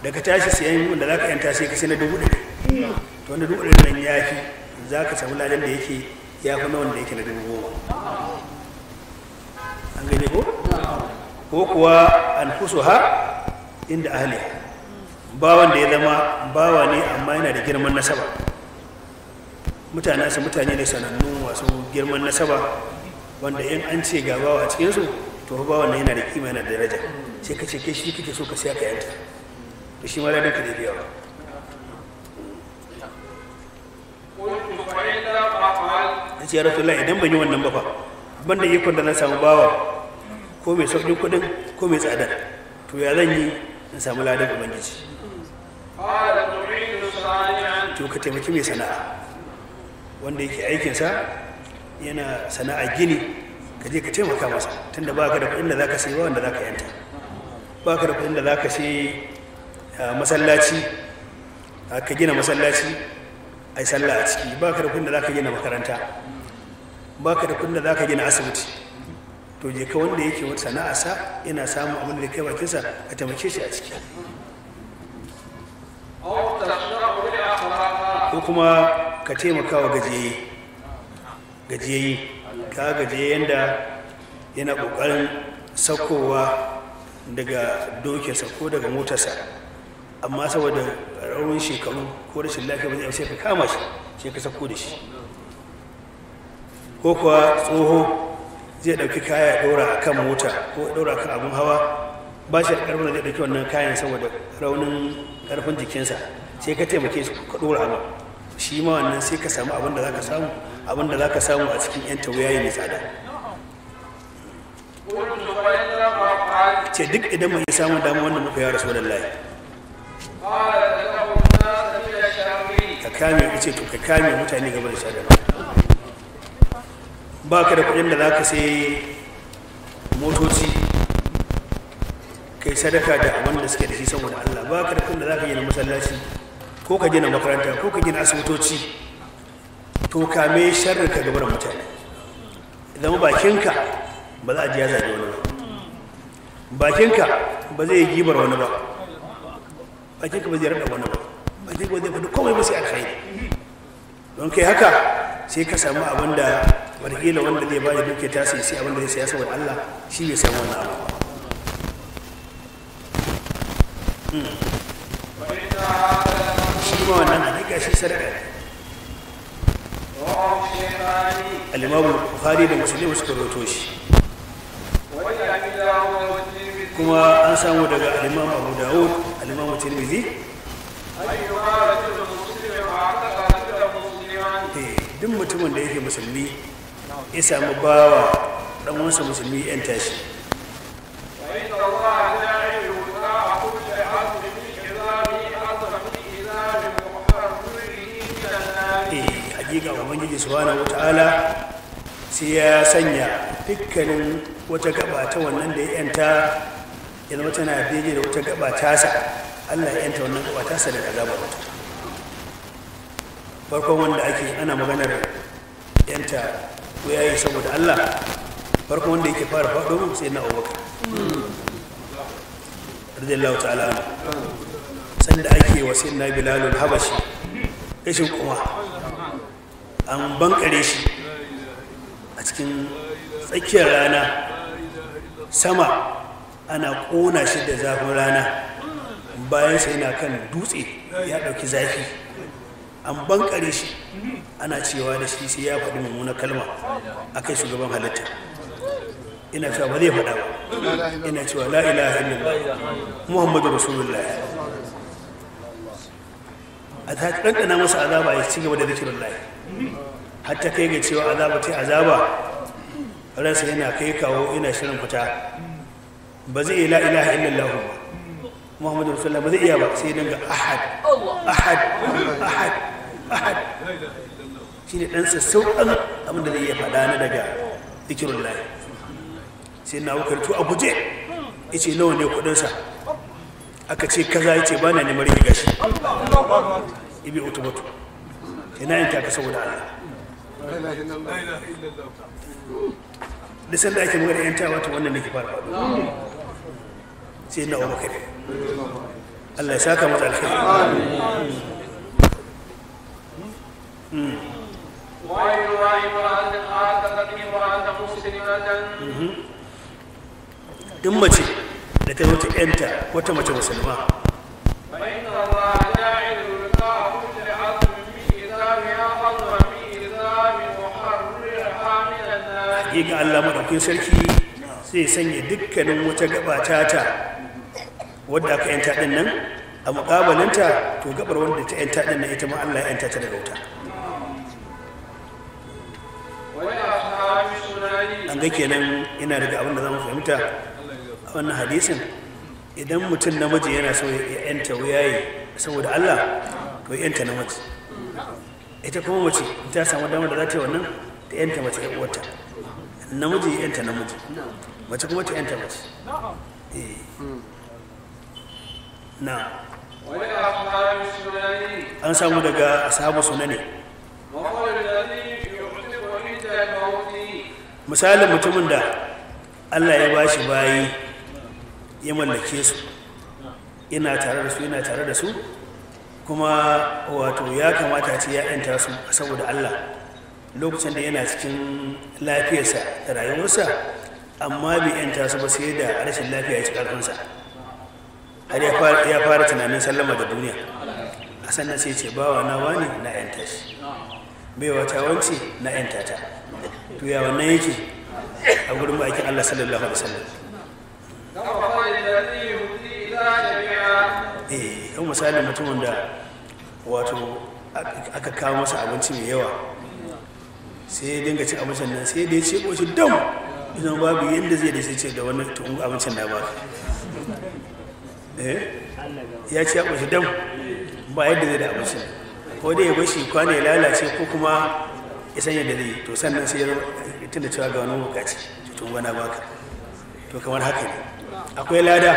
daga tashi siyan wanda za ka yanta sai ka sai na dubu ɗari to wanda dubu ɗari nan ya fi za ka samu ladan da yake ya fi na wanda yake na dubu goma an gani ko ko kuwa an fuso ha inda ahali bawan da ya zama bawa ne amma yana da girman nasaba mutane su mutane ne sanannu masu girman nasaba wanda in an ce ga bawa a cikinsu to ba wanda yana da kima yana da daraja sai ka ce kai shi kake so ka siya ka yanta to shi ma ladan ka ne biyawa a ce yara tullah idan ban yi wannan ba fa ban da ikon da na samu bawa ko mai sauƙin kuɗin ko mai tsada to ya zan yi in samu ladan ubangiji to ka taimaki mai sana'a wanda yake aikinsa yana sana'a gini ka je ka taimaka masa tunda ba ka da kuɗin da za ka sai ba wanda za ka yanta ba ka da kuɗin da za ka sai masallaci ka gina masallaci ai sallah a ciki ba ka da kuɗin da za ka gina makaranta ba ka da kuɗin da za ka gina asibiti to je ka wanda yake wata sa yana samun abin da kai bakinsa a taimake shi a ciki ko kuma ka taimaka wa gajiyayi Gajiyayi, ka gaje yadda yana kokarin sakowa daga dokinsa ko daga motarsa amma saboda raunin shekaru ko rashin lafiya wani sai ka kama shi sai ka sako da shi ko kuwa tsoho zai ɗauki kaya ya ɗora kan mota ko ya ɗora kan abin hawa ba shi da ƙarfin da zai ɗauki wannan kayan saboda raunin karfin jikinsa sai ka taimake shi ka ɗora ma shi ma wannan sai ka samu abin da za ka samu abinda za ka samu a cikin yan tawaya mai tsada ce duk idan mai samu dama wanda muka ya rasu layi. ka kame ka ce to ka kame mutane gaba da tsada. ba ka da kudin da za ka sai motoci kai sadaka da abin da suke da shi saboda allah ba ka da kudin da za ka gina masallaci ko ka gina makaranta ko ka gina asibitoci tsokame sharrin ka gabar mutane zama bakinka ba za a ji ya zage wani ba bakinka ba zai gibar wani ba bakinka ba zai rada wani ba bakinka ba zai fadi komai ba sai kai don kai haka sai ka samu abin da wargila wanda zai ba da duke ta sai abin da zai saya saboda Allah shi ne samu wani abu hmm. shi ma wannan hakika shi sarƙa. alimabu bukhari da musulmi suka roto shi kuma an samu daga alimabu abu dawud alimabu tirmidhi eh, duk mutumin da yake musulmi ya samu bawa ɗan wasu musulmi yan tashi subhanahu wataala sai ya sanya dukkanin wata gaba ta wannan da ya yanta ya zama tana daidai da wata gaba tasa allah ya yanta wannan gaba tasa daga azabar wata farkon wanda ake ana maganar yanta ko yayi saboda allah farkon wanda yake fara faɗo sai na abubakar radiyallahu ta'ala sanda ake wasu na bilalul habashi rashin kuma an bankare shi a cikin tsakiyar rana sama ana ƙona shi da zafin rana bayan sai na kan dutse ya ɗauki zafi an bankare shi ana cewa da shi sai ya faɗi mummuna kalma a kai shugaban halitta ina cewa ba zai faɗa ba ina cewa la ilaha illallah muhammadu rasulullah a ta ɗanɗana masa azaba ya ci gaba da zikirin layi. Hatta kai ga cewa azaba ta azaba ransa yana kai kawo ina shirin fita ba zai la ilaha illallah ba muhammadu rasulullah ba zai iya ba sai dinga ahad ahad ahad ahad shine dan sassauƙan abin da zai iya faɗa na daga zikirullah sai na wukar to a guje yace nawa ne kuɗinsa aka ce kaza yace ba na neman riga shi ibi utubatu ina yin taka saboda Allah da sanda ake magana wannan nake fara sai na abu kare Allah ya saka mata alkhairi hmm. Hmm. da ta wata yanta wata mace musulma hakika Allah madaukin sarki zai sanya dukkanin wata gaba tata wadda aka yanta din nan a mukabalinta to gabar wanda ta yanta din nan ita ma Allah ya yanta ta daga wuta an ga kenan ina daga abin da zamu fahimta a wannan hadisin idan mutum namiji yana so ya yanta wuyaye saboda Allah to ya yanta namiji ita kuma mace ta samu damar da za ta yi wannan ta yanta mace ya uwarta namiji yanta namiji mace kuma ta yanta mace eh. na an samu daga suna sunani misalin mutumin da Allah ya ba shi bayi ya mallake su yana tare da su ina tare da su kuma wato ya kamata ce ya yanta su saboda Allah lokacin da yana cikin lafiyarsa da rayuwarsa amma bai yanta su ba sai da rashin lafiya ya ci karfinsa har ya fara tunanin sallama da duniya a sannan sai ce bawa na wani na yanta shi bai wata wance na yanta ta to ya wannan yake a gurin ma'aikin Allah sallallahu alaihi wasallam eh kan misalin mutumin da wato aka kawo masa abinci mai yawa sai ya dinga cin abincin nan sai dai ya ce ƙoshi dam idan babu yadda zai da sai ce da wannan tun abincin na ba eh? ya ci ya ƙoshi dam ba yadda zai da abincin ko dai ya bashi kwana ya lalace ko kuma ya sanya da zai to sannan sai ya tun da cewa ga wani bukaci tun bana baka to kamar haka ne akwai lada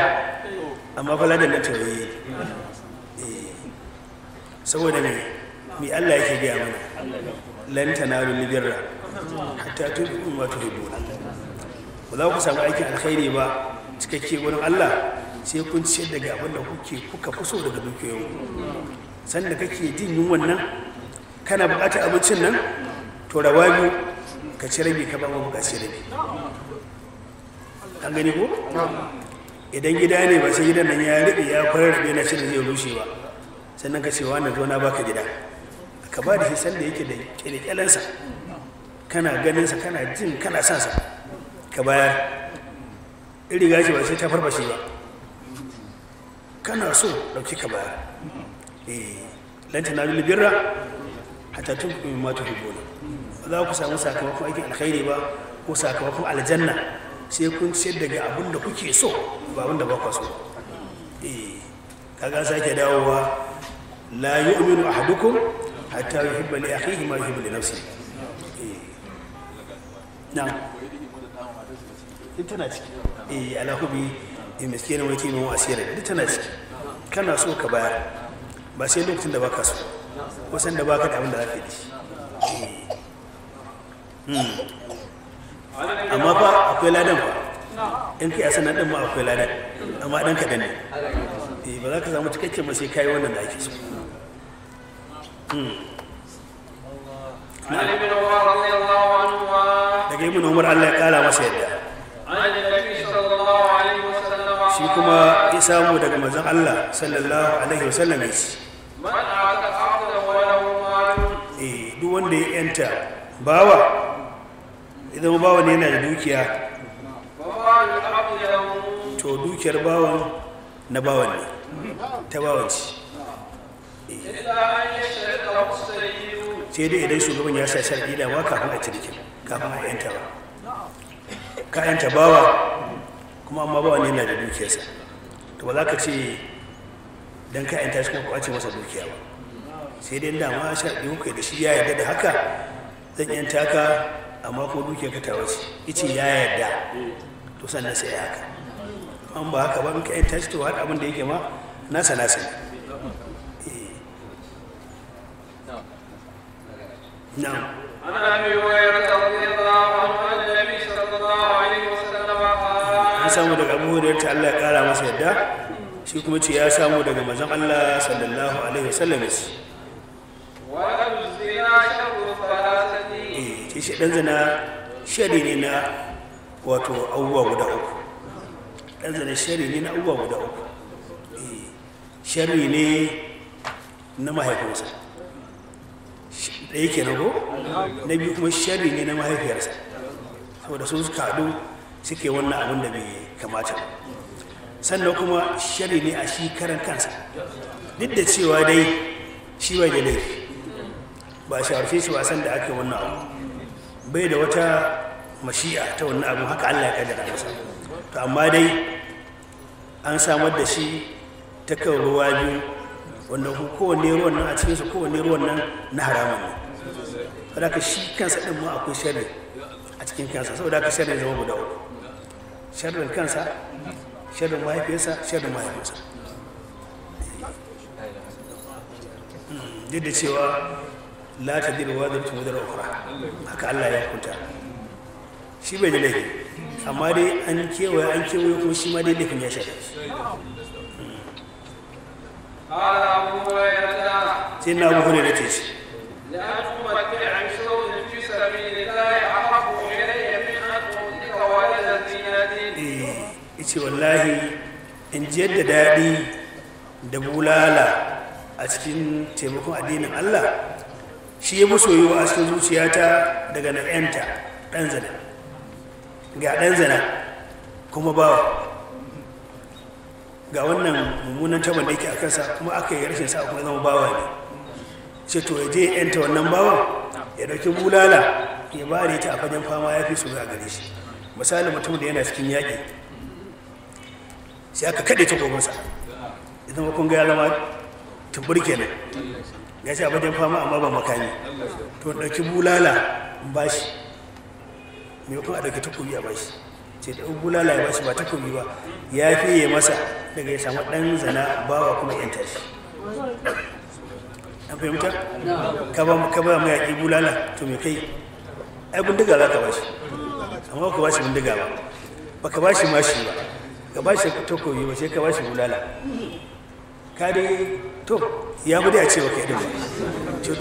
amma fa ladan nan tawaye eh. saboda ne mi Allah yake gaya mana lan tanalu libirra hatta tunfiqu wato tuhibbuna ba za ku samu aikin alkhairi ba cikakke wurin Allah sai kun ciyar daga abin da kuke kuka fi so daga dukiyoyin sanda kake jin yunwan nan kana buƙatar abincin nan to rawa biyu ka ci rabi ka ba mu buƙaci rabi an gani ko idan gida ne ba sai gidan nan ya riɓe ya kwarar rabe na shi da zai rushe ba sannan ka ce wa na zo na baka gida ka ba da shi sanda yake da kyalkyalansa kana ganinsa kana jin kana sa sa ka bayar iri gashi ba sai ta farfashe ba kana so ɗauki ka bayar eh lanta na lulubirra hatta tun kuma mata hibona ba za ku samu sakamakon aikin alkhairi ba ko sakamakon aljanna sai kun sayar daga abin da kuke so ba abin da ba ku so eh kaga sake dawowa la yu'minu ahadukum hatta yuhibba li akhihi ma yuhibbu li nafsihi na duk tana ciki eh alhubi miskinin wai kimin asirin duk tana ciki kana so ka bayar ba sai lokacin da baka so wasan da baka da abin da za ka yi amma ba akwai ladan ba in kai asan nan ma akwai ladan amma dan ka dane ba za ka samu cikakken ba sai wannan da ake so daga ibn umar allah ya kara masa yadda shi kuma ya samu daga mazan allah sallallahu alaihi wasallam ya eh, duk wanda ya yanta bawa idan bawa ne yana da dukiya to dukiyar bawan na bawan ne ta bawan sai dai idan shugaban ya sa sharadi da waka kafin a cikin kafin a yanta ba ka yanta bawa kuma amma bawa ne yana da dukiyarsa to ba za ka ce don ka yanta shi kuma kwace masa dukiya ba sai dai da ma dama sharadi kuka da shi ya yarda da haka zan yanta ka amma ko dukiyar ka ta wace ice ya yarda to sannan sai haka an ba haka ba in ka yanta shi to har abin da yake ma nasa nasa ne نعم samu daga abu ta Allah ya kara masa yadda shi kuma ce ya samu daga mazan Allah sallallahu alaihi wasallam wa shi dan zina shari ne na wato abubuwa guda uku ɗan zina shari ne na abubuwa guda uku shari ne na mahaifinsa ɗaya ke na na biyu kuma shari ne na mahaifiyarsa saboda su suka haɗu suke wannan abin da bai kamata sannan kuma shari ne a shi karan kansa duk da cewa dai shi bai da laifi ba shawarce shi wasan da ake wannan abu bai da wata mashi'a ta wannan abu haka Allah ya kaddara masa to amma dai an samar da shi ta kan ruwa biyu wanda kowanne ruwan nan a cikinsu kowanne ruwan nan na haramun ne saboda ka shi kansa ɗin ma akwai sharri a cikin kansa saboda ka sharri zama guda uku sharrin kansa sharrin mahaifiyarsa sharrin mahaifiyarsa duk da cewa la ta dira wa zartu wadar ukra haka Allah ya hukunta shi bai da amma dai an kewaye an kewaye kuma shi ma dai laifin ya shafe sai na abu hurairar ce shi ce wallahi in ji yadda daɗi da bulala a cikin taimakon addinin allah shi ya yi a cikin zuciyata daga ɗanta ɗan zana ga ɗan zana kuma bawa ga wannan mummunan taban da yake a kansa kuma aka yi rashin sa'a kuma zama bawa ne ce to ya je yanta wannan bawa ya ɗauki bulala ya bare ta a fajen fama ya fi su ga gare shi misali mutum da yana cikin yaƙi sai aka kaɗe ta gobansa idan kun ga ya zama tumbur kenan ya ce abin fama amma ba makami to ɗauki bulala in ba shi mai kuma a ɗauki takobi a ba shi ce da bulala ya ba shi ba takobi ba ya fiye masa daga ya samu ɗan zana bawa kuma yan tashi an fahimta ka ba ka ba mai yaƙi bulala to mai kai ai bindiga za ka ba shi amma ka ba shi bindiga ba ba ka ba shi mashi ba ga ba shi takoyi ba sai ka ba shi bulala ka dai to ya bude a ce baka yadda dubu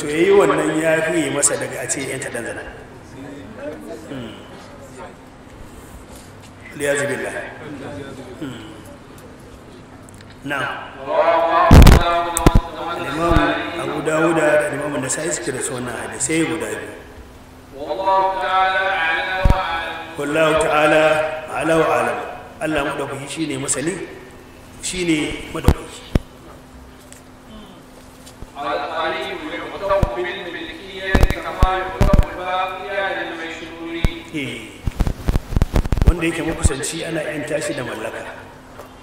to ya yi wannan ya fiye masa daga a ce yanta dan zana hmm. liyazu billah hmm. na imam abu dawuda da da sa suke da su da sai guda biyu wallahu ta'ala ala wa alam Allah madaukaki shine masani shine madaukaki eh, wanda yake makusanci ana yan tashi da mallaka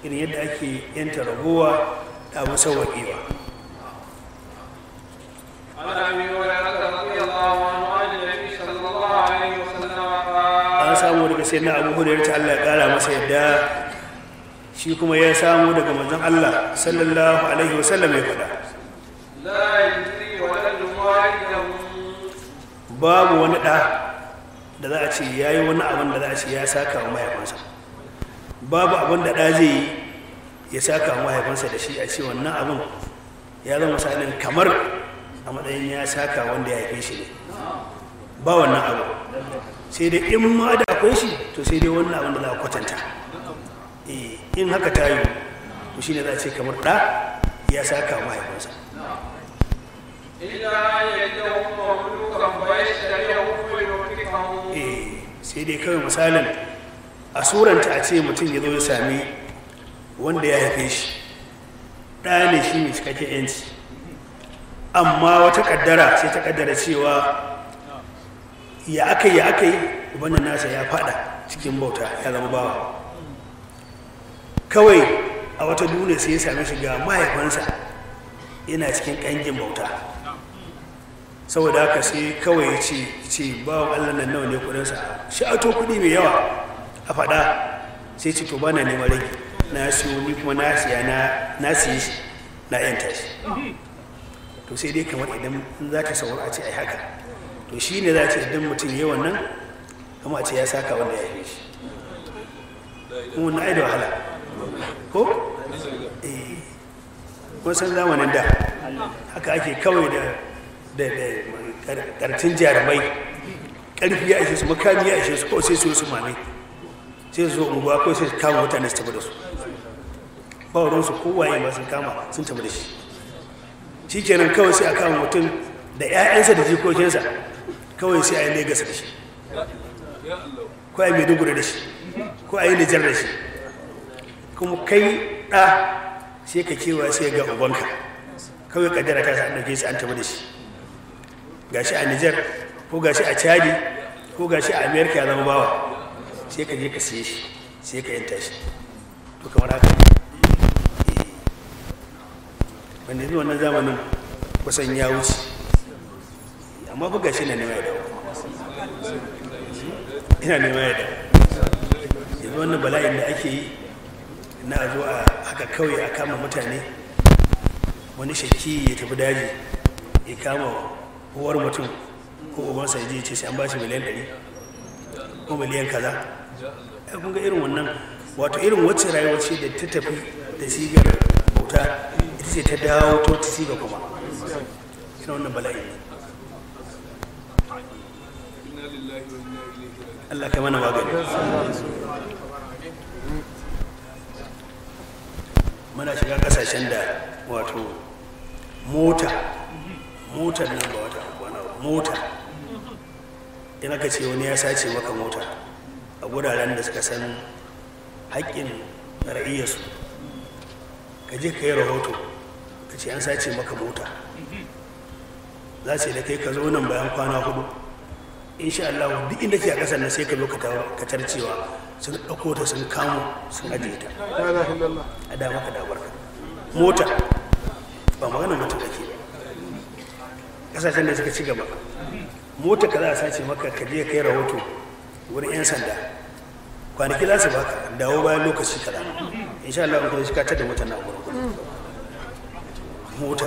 irin yadda ake yanta ragowa da abu sauwaƙewa sai na abu ya ta allah ya kara masa yadda shi kuma ya samu daga manzon allah sallallahu alaihi wasallam ya faɗa babu wani ɗa da za a ce ya yi wani abin da za a ce ya saka wa mahaifansa babu abin da ɗa zai yi ya saka wa mahaifansa da shi a ce wannan abin ya zama misalin kamar a matsayin ya saka wanda ya haife shi ne ba wannan abu sai dai in ma da akwai shi to sai dai wannan abin da za a kwatanta eh, in haka ta yi to shi ne za a ce kamar ɗa ya saka mahaifinsa eh, sai dai kawai misalin a suranta a ce mutum ya zo ya sami wanda ya haife shi ɗa ne shi mai cikakken yanci amma wata kaddara sai ta ƙaddara cewa ya aka ya aka yi ubannin nasa ya fada cikin bauta ya zama bawa kawai a wata duniya sai ya same shi ga mahaifansa yana cikin ƙangin bauta saboda haka sai kawai ce ce bawan allah nan nawa ne kudinsa sha'ato kudi mai yawa a fada sai ce to ba na neman rage na siyo ni kuma na siya na siye na yanta to sai dai kamar idan za ta saura a ce ai haka to shi ne za a ce idan mutum yi wannan kama a ce ya saka wanda ya yi shi kuma wannan ai da wahala ko eh san zamanin da haka ake kawai da ƙarfin jarumai ƙarfi ya ishe su makami ya ishe su ko sai su su mame sai su zo unguwa ko sai su kama mutane su tafi da su ba su kowaye ma sun kama sun tafi da shi kenan kawai sai a kama mutum da 'ya'yansa da jikokinsa kawai sai a yi lagos da shi ko a yi maiduguri da shi ko a yi nijar da shi kuma kai ɗa sai ka kewa sai ga ubanka kawai kaddara ta an ɗauke shi an tafi da shi shi a nijar ko ga shi a chadi ko ga shi a amerika ya zama bawa sai ka je ka siye shi sai ka yanta shi to kamar haka eh. wanda yanzu wannan zamanin kusan ya wuce amma buga shi na nema ya dawo ina nema ya dawo yanzu wannan bala'in da ake yi na a zo a haka kawai a kama mutane wani shakki ya tafi daji ya kama uwar mutum ko ubansa ya je ce sai an ba shi miliyan ɗari ko miliyan kaza ya eh, kun ga irin wannan wato irin wacce rayuwa ce da ta tafi da sigar bauta ita ce ta dawo ta siga kuma ina wannan bala'in. Allah ka mana magani muna shiga kasashen da wato mota nan ba wata wani mota in aka ce wani ya sace maka mota a guraren da suka san haƙƙin ra'iyyarsu ka je ka yi rahoto ka ce an sace maka mota za su yi da kai ka zo nan bayan kwana hudu insha Allah duk inda ke a kasar na sai ka zo ka tarcewa sun ɗauko ta sun kamo sun ajiye ta a dama ka da mota ba magana mota kake kasashen da suka ci gaba mota ka za a sace maka ka je kai rahoto wurin yan sanda kwanaki za su baka dawo bayan lokaci kaza insha Allah in kuma shi ka tada mota na gurin mota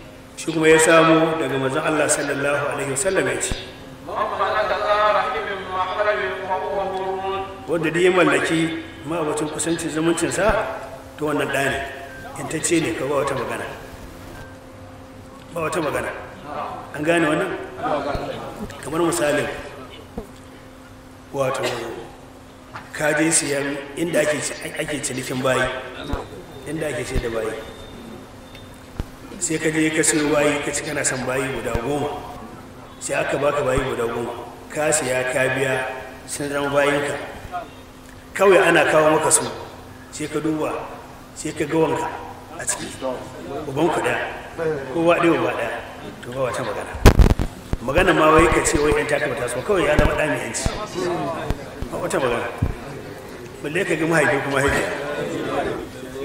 shi kuma ya samu daga mazan Allah sallallahu alaihi wasallam ya ce wadda da ya mallaki ma'abacin kusancin zumuncinsa ta wannan ɗani, ne in ta ce ne ka ba wata magana ba wata magana an gane wannan kamar misalin wato kaje siyan inda ake cinikin bayi inda ake ce da bayi sai ka je ka sayo bayi ka ci kana son bayi guda goma sai aka baka bayi guda goma ka siya ka biya sun zama bayinka kawai ana kawo maka su sai ka duba sai ka ga wanka a ciki uban ku daya kowa ɗaya ba ɗaya to ba wata magana magana ma wai ka ce wai yan taka bata so kawai ya zama ɗami yanci ba wata magana balle ka ga mahaifi kuma haifi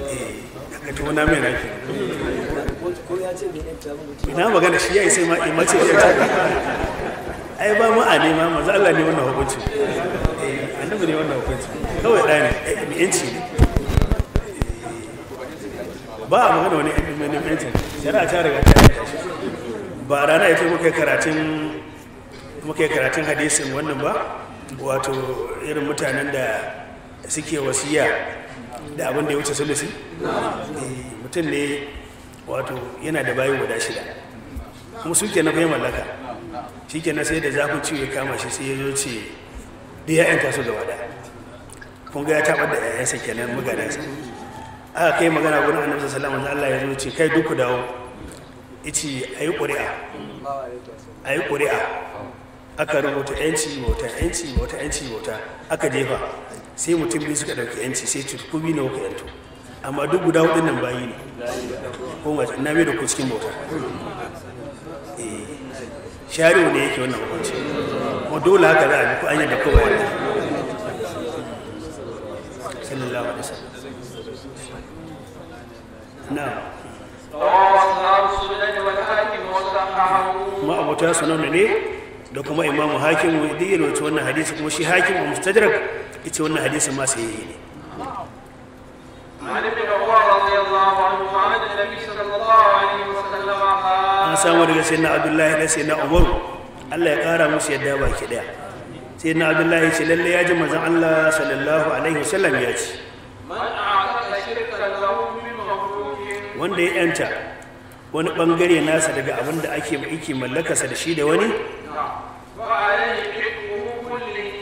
eh ka tuna mai na ke ina magana shi ya yi sai ma imace ya ta ai ba mu a nema manzo Allah ne wannan hukunci eh, annabi ne wannan hukunci kawai ɗaya ne yanci eh, ne eh, ba a magana wani yanci shari'a ta riga ta ba rana ita muka karatun muka karatun hadisin wannan ba wato irin mutanen da suke wasiya da abin da ya wuce sulusi mutum ne wato yana da bayi guda shida kuma su ke na bai mallaka shi ke na sai da zafin ciwo ya kama shi sai ya zo ce da ya yanta su gaba da kun ga ya taɓa da yayansa kenan mugadansa aka kai magana gurin annabi sallallahu alaihi wasallam Allah ya zo ce kai duk ku dawo yace ayi ƙuri'a ayi ƙuri'a aka rubuta yanci bauta yanci bauta yanci bauta aka jefa sai mutum biyu suka dauki yanci sai tukubi na wuka yanto amma duk guda hudun nan bayi ne ko mace ina bai da ku cikin bauta eh, shari'u ne yake wannan hukunci kuma dole haka za a bi ko an yadda kowa ne sallallahu alaihi wasallam na'am ma abota ne da kuma imamu hakimu wa duk yana wannan hadisi kuma shi hakimu mustajirar ita wannan hadisin ma sai ne samu daga sai na abdullahi da sai na umaru allah ya kara musu yadda ba ke daya sai na abdullahi ce lalle ya ji mazan allah sallallahu alaihi wasallam ya ce wanda ya yanta wani bangare nasa daga abin da ake iki mallakarsa da shi da wani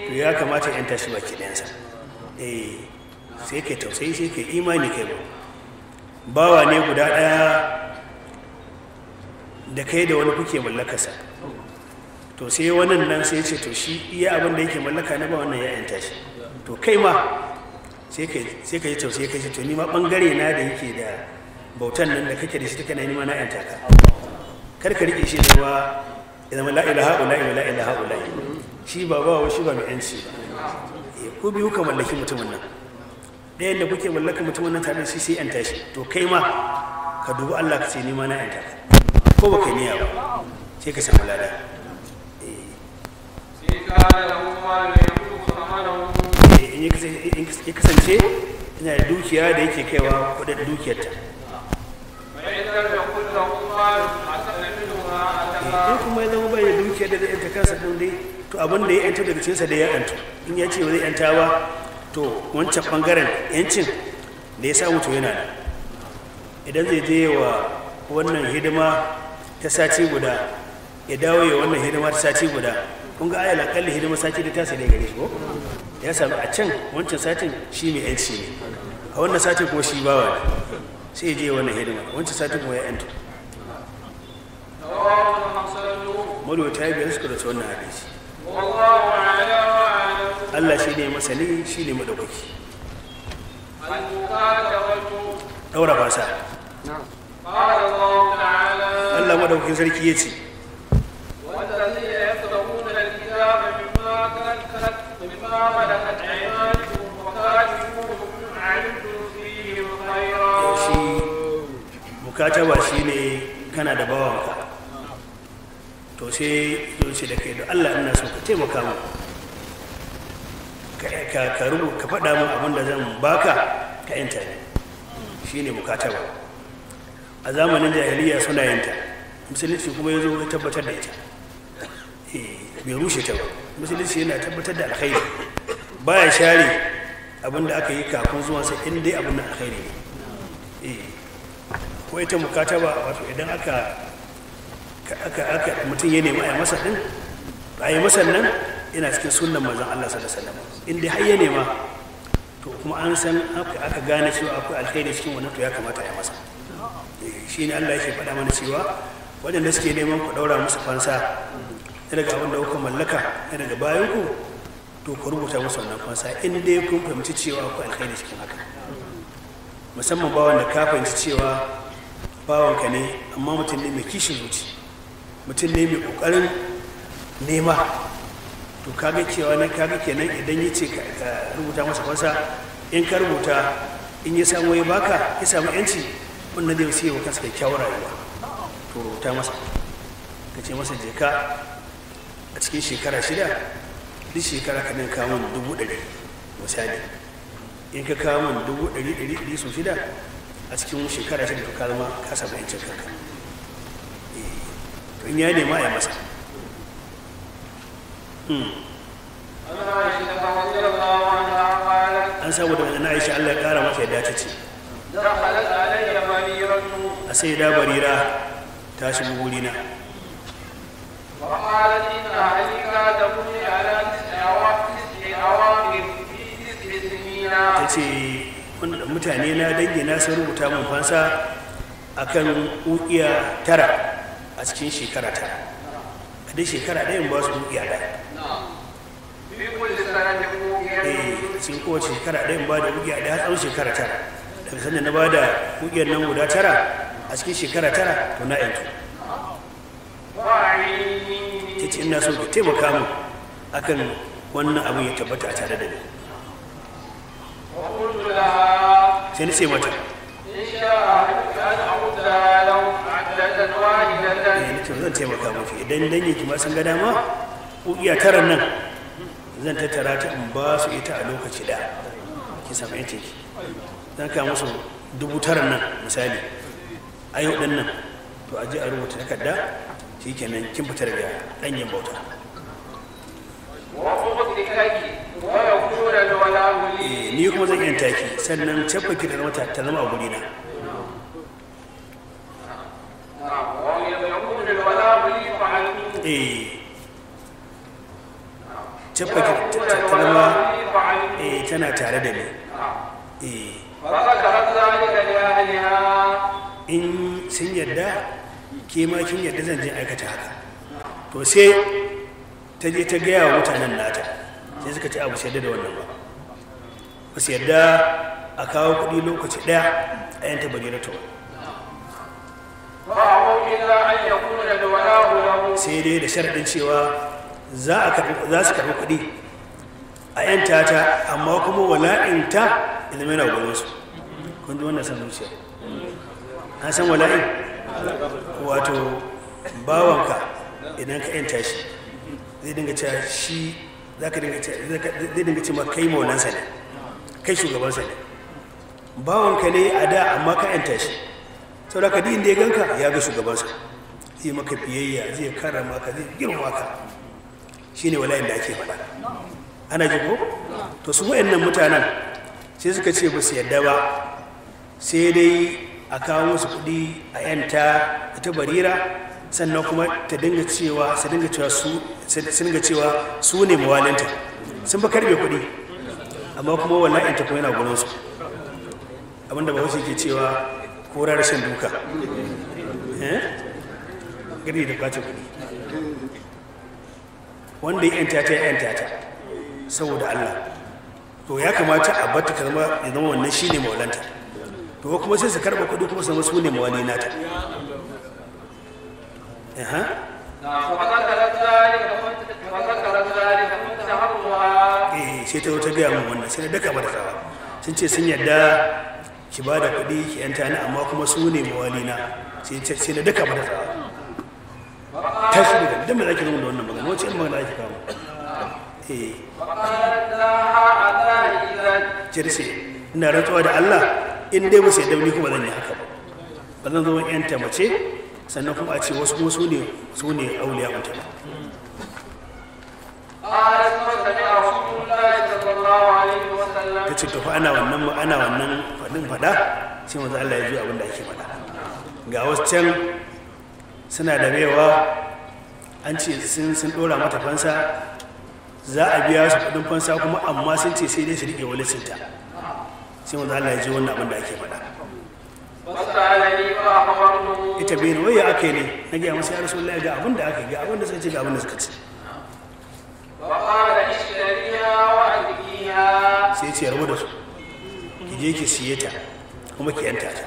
to ya kamata ya yanta shi ba baki ɗayansa eh, sai kai tausayi sai kai imani kai ba bawa ne guda ɗaya da kai da wani kuke mallakarsa to sai wannan nan sai ce to shi iya abin da yake mallaka na ba wannan ya yanta shi to kai ma sai ka yi sai ka ce to ni ma bangare na da yake da bautan nan da kake da shi take ni ma na yanta ka kar ka rike shi da ya zama la ilaha ula ila ilaha ula shi ba ba shi ba mai yanci ba eh, ku biyu ka mallaki mutumin nan ɗayan da kuke mallaka mutumin nan tare da shi sai yanta shi to kai ma ka dubi Allah ka ce ni ma na yanta ka ko baka niyya sai ka samu lada eh, ya kasance ina da dukiya da yake kaiwa kudin dukiyarta ya eh, kuma ya zama bayan dukiyar da zai yanta kansa don dai to abin da ya yanta daga cikinsa da ya yanta in ya ce ba zai yanta ba to wancan bangaren yancin da ya samu to yana da idan zai je wa wannan hidima ta sati guda ya dawo ya wannan hidima ta sati guda kun ga ayal akalli hidima sati da tasa ne gare shi ko ya samu a can wancan satin shi mai yanci ne a wannan satin kuma shi bawa ne sai ya je wannan hidima wancan satin kuma ya yanta ta biyar suka rasu wannan hadisi Allah shi ne masani shi ne madaukaki daura fasa قال الله تعالى Allah madaukakin sarki ya ce bukata ba shi ne kana da bawanka to sai zuci da kai da Allah ina so ka taimaka mu ka rubu faɗa mu abin da zan baka ka yanta ne shi ne a zamanin jahiliya suna yanta musulunci kuma ya zo ya tabbatar da ita eh, bai rushe ta ba musulunci yana tabbatar da alkhairi Ba ya share abin da aka yi kafin zuwansa in dai abin nan alkhairi ne eh, ko ita mukata ba wato idan aka aka aka mutum ya nemi a masa din a yi masa nan yana cikin sunan manzon Allah sallallahu alaihi wasallam in dai har ya nema to kuma an san aka gane cewa akwai alkhairi cikin wannan to ya kamata a yi masa shi ne Allah yake faɗa mana cewa waɗanda suke neman ku ɗaura musu fansa ya daga abin da kuka mallaka ya daga bayan ku to ku rubuta musu wannan fansa in dai kun fahimci cewa ku alkhairi cikin haka musamman bawan da ka fahimci cewa ka ne amma mutum ne mai kishin wuce mutum ne mai ƙoƙarin nema to kaga cewa nan kaga kenan idan ya ce ka rubuta masa fansa in ka rubuta in ya samu ya baka ya samu yanci wannan zai siya wa kansa kyakkyawar rayuwa to ta masa ka ce masa je ka a cikin shekara shida duk shekara ka nan kawo min dubu ɗari misali in ka kawo min dubu ɗari ɗari ɗari sun shida a cikin shekara shida ka zama ka samu yancin kanka eh, to in ya nema ya masa hmm. an saboda wani na allah ya kara mafi ya dace ce a sai da barira ta shigo wurina ta ce mutane na dangi na sun rubuta mun fansa kan ukiya tara a cikin shekara tara a duk shekara ɗaya ba su ukiya ɗaya eh, a cikin kowace shekara ɗaya ba da ukiya ɗaya tsawon shekara tara daga sanda na ba da kugiyar nan guda tara a cikin shekara tara to na yanzu ta ce ina so ka taimaka mu akan wannan abu ya tabbata a tare da ni sai na ce mata eh, zan taimaka mafi idan dan yake ma sun ga dama kugiya tara nan zan tattara ta in ba su ita a lokaci da ki samu yanci za ka musu dubu tara nan misali a yau ɗin nan to a je a rubuta takarda shi kenan kin fitar da ɗanyen bauta eh, ni kuma zan yin taki sannan cefa ki da wata ta zama a guri na eh. cefa ki ta zama eh, tana tare da ni in sun yadda ke ma kin yadda zan je aikata haka to sai ta je ta gaya wa mutanen nata sai suka ce abu yadda da wannan ba ba yadda a kawo kuɗi lokaci ɗaya a yanta na ta sai dai da sharaɗin cewa za su karɓi kuɗi a yanta ta amma kuma wala'inta ilimi yana gwaninsu kun ji wannan san zuciya na san wala'in wato bawanka idan ka yanta shi zai dinga cewa shi zai dinga cewa kai maunansa ne kai shugabansa ne bawanka ne a da amma ka yanta shi sau da kadin da ya ganka ya ga shugabansa zai maka biyayya zai kara maka zai girma ka ne wala'in da ake faɗa ana jiko? to su wayannan mutanen sai suka ce ba su yadda ba sai dai a kawo musu kuɗi a yanta ita barira sannan kuma ta dinga cewa su dinga cewa su su dinga cewa su ne mawalinta sun ba karbe kuɗi amma kuma wallahi ta kuma yana gurin su abinda ba wasu ke cewa kora rashin duka eh? gari da kwace kuɗi wanda ya yanta ta yanta ta saboda Allah to ya kamata a bata kalma ya zama wannan shine maulanta to kuma sai su karba kuɗi kuma su su ne mawali na ta. eh sai ta wata gaya min wannan sai na daka mata tsawa sun ce sun yadda ki ba da kuɗi ki yanta ni amma kuma su ne mawali na sai na daka mata tsawa ta shi daga dan me zaki zama da wannan magana wace magana ake kawo eh cirse ina rantsuwa da Allah in dai musu yadda kuma zan yi haka ba zan zama yan tamace sannan kuma a ce wasu kuma su ne su ne auliya mutu ba ta ce tafi ana wannan ana wannan faɗin faɗa sai wanzu Allah ya ji abin da ake faɗa ga wasu can suna da baiwa an ce sun ɗora mata fansa za a biya su kudin fansa kuma amma sun ce sai dai su rike walisin ta sai wanda Allah ya ji wannan abin da ake faɗa ita bai ya aka ne na gaya masa ya sun ga abin da aka yi, abin da suka ce ga abin da suka ce sai ce rabu da su ki je ki siye ta kuma ki yanta ta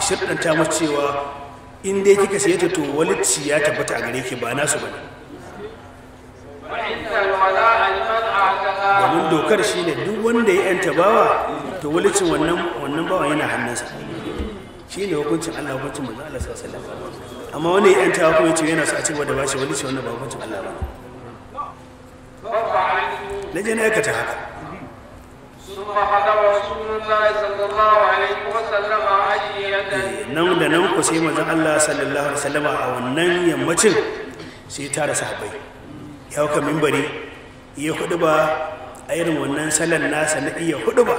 shirɗanta wa. in dai kika siye ta to walicci ya tabbata a gare ki ba nasu ne. domin dokar shi ne duk wanda ya yanta bawa to walicin wannan wannan bawa yana hannunsa shi ne hukuncin Allah hukuncin manzo Allah sallallahu alaihi wasallam amma wani ya yanta kuma ce yana so a cewa da shi walicci wannan ba hukuncin Allah ba lalle na aikata haka ثم da nan ku sai manzon Allah sallallahu alaihi wasallama a wannan yammacin sai tara sahabbai ya hauka mimbari ya hudu ba a irin wannan salan nasa na iya hudu ba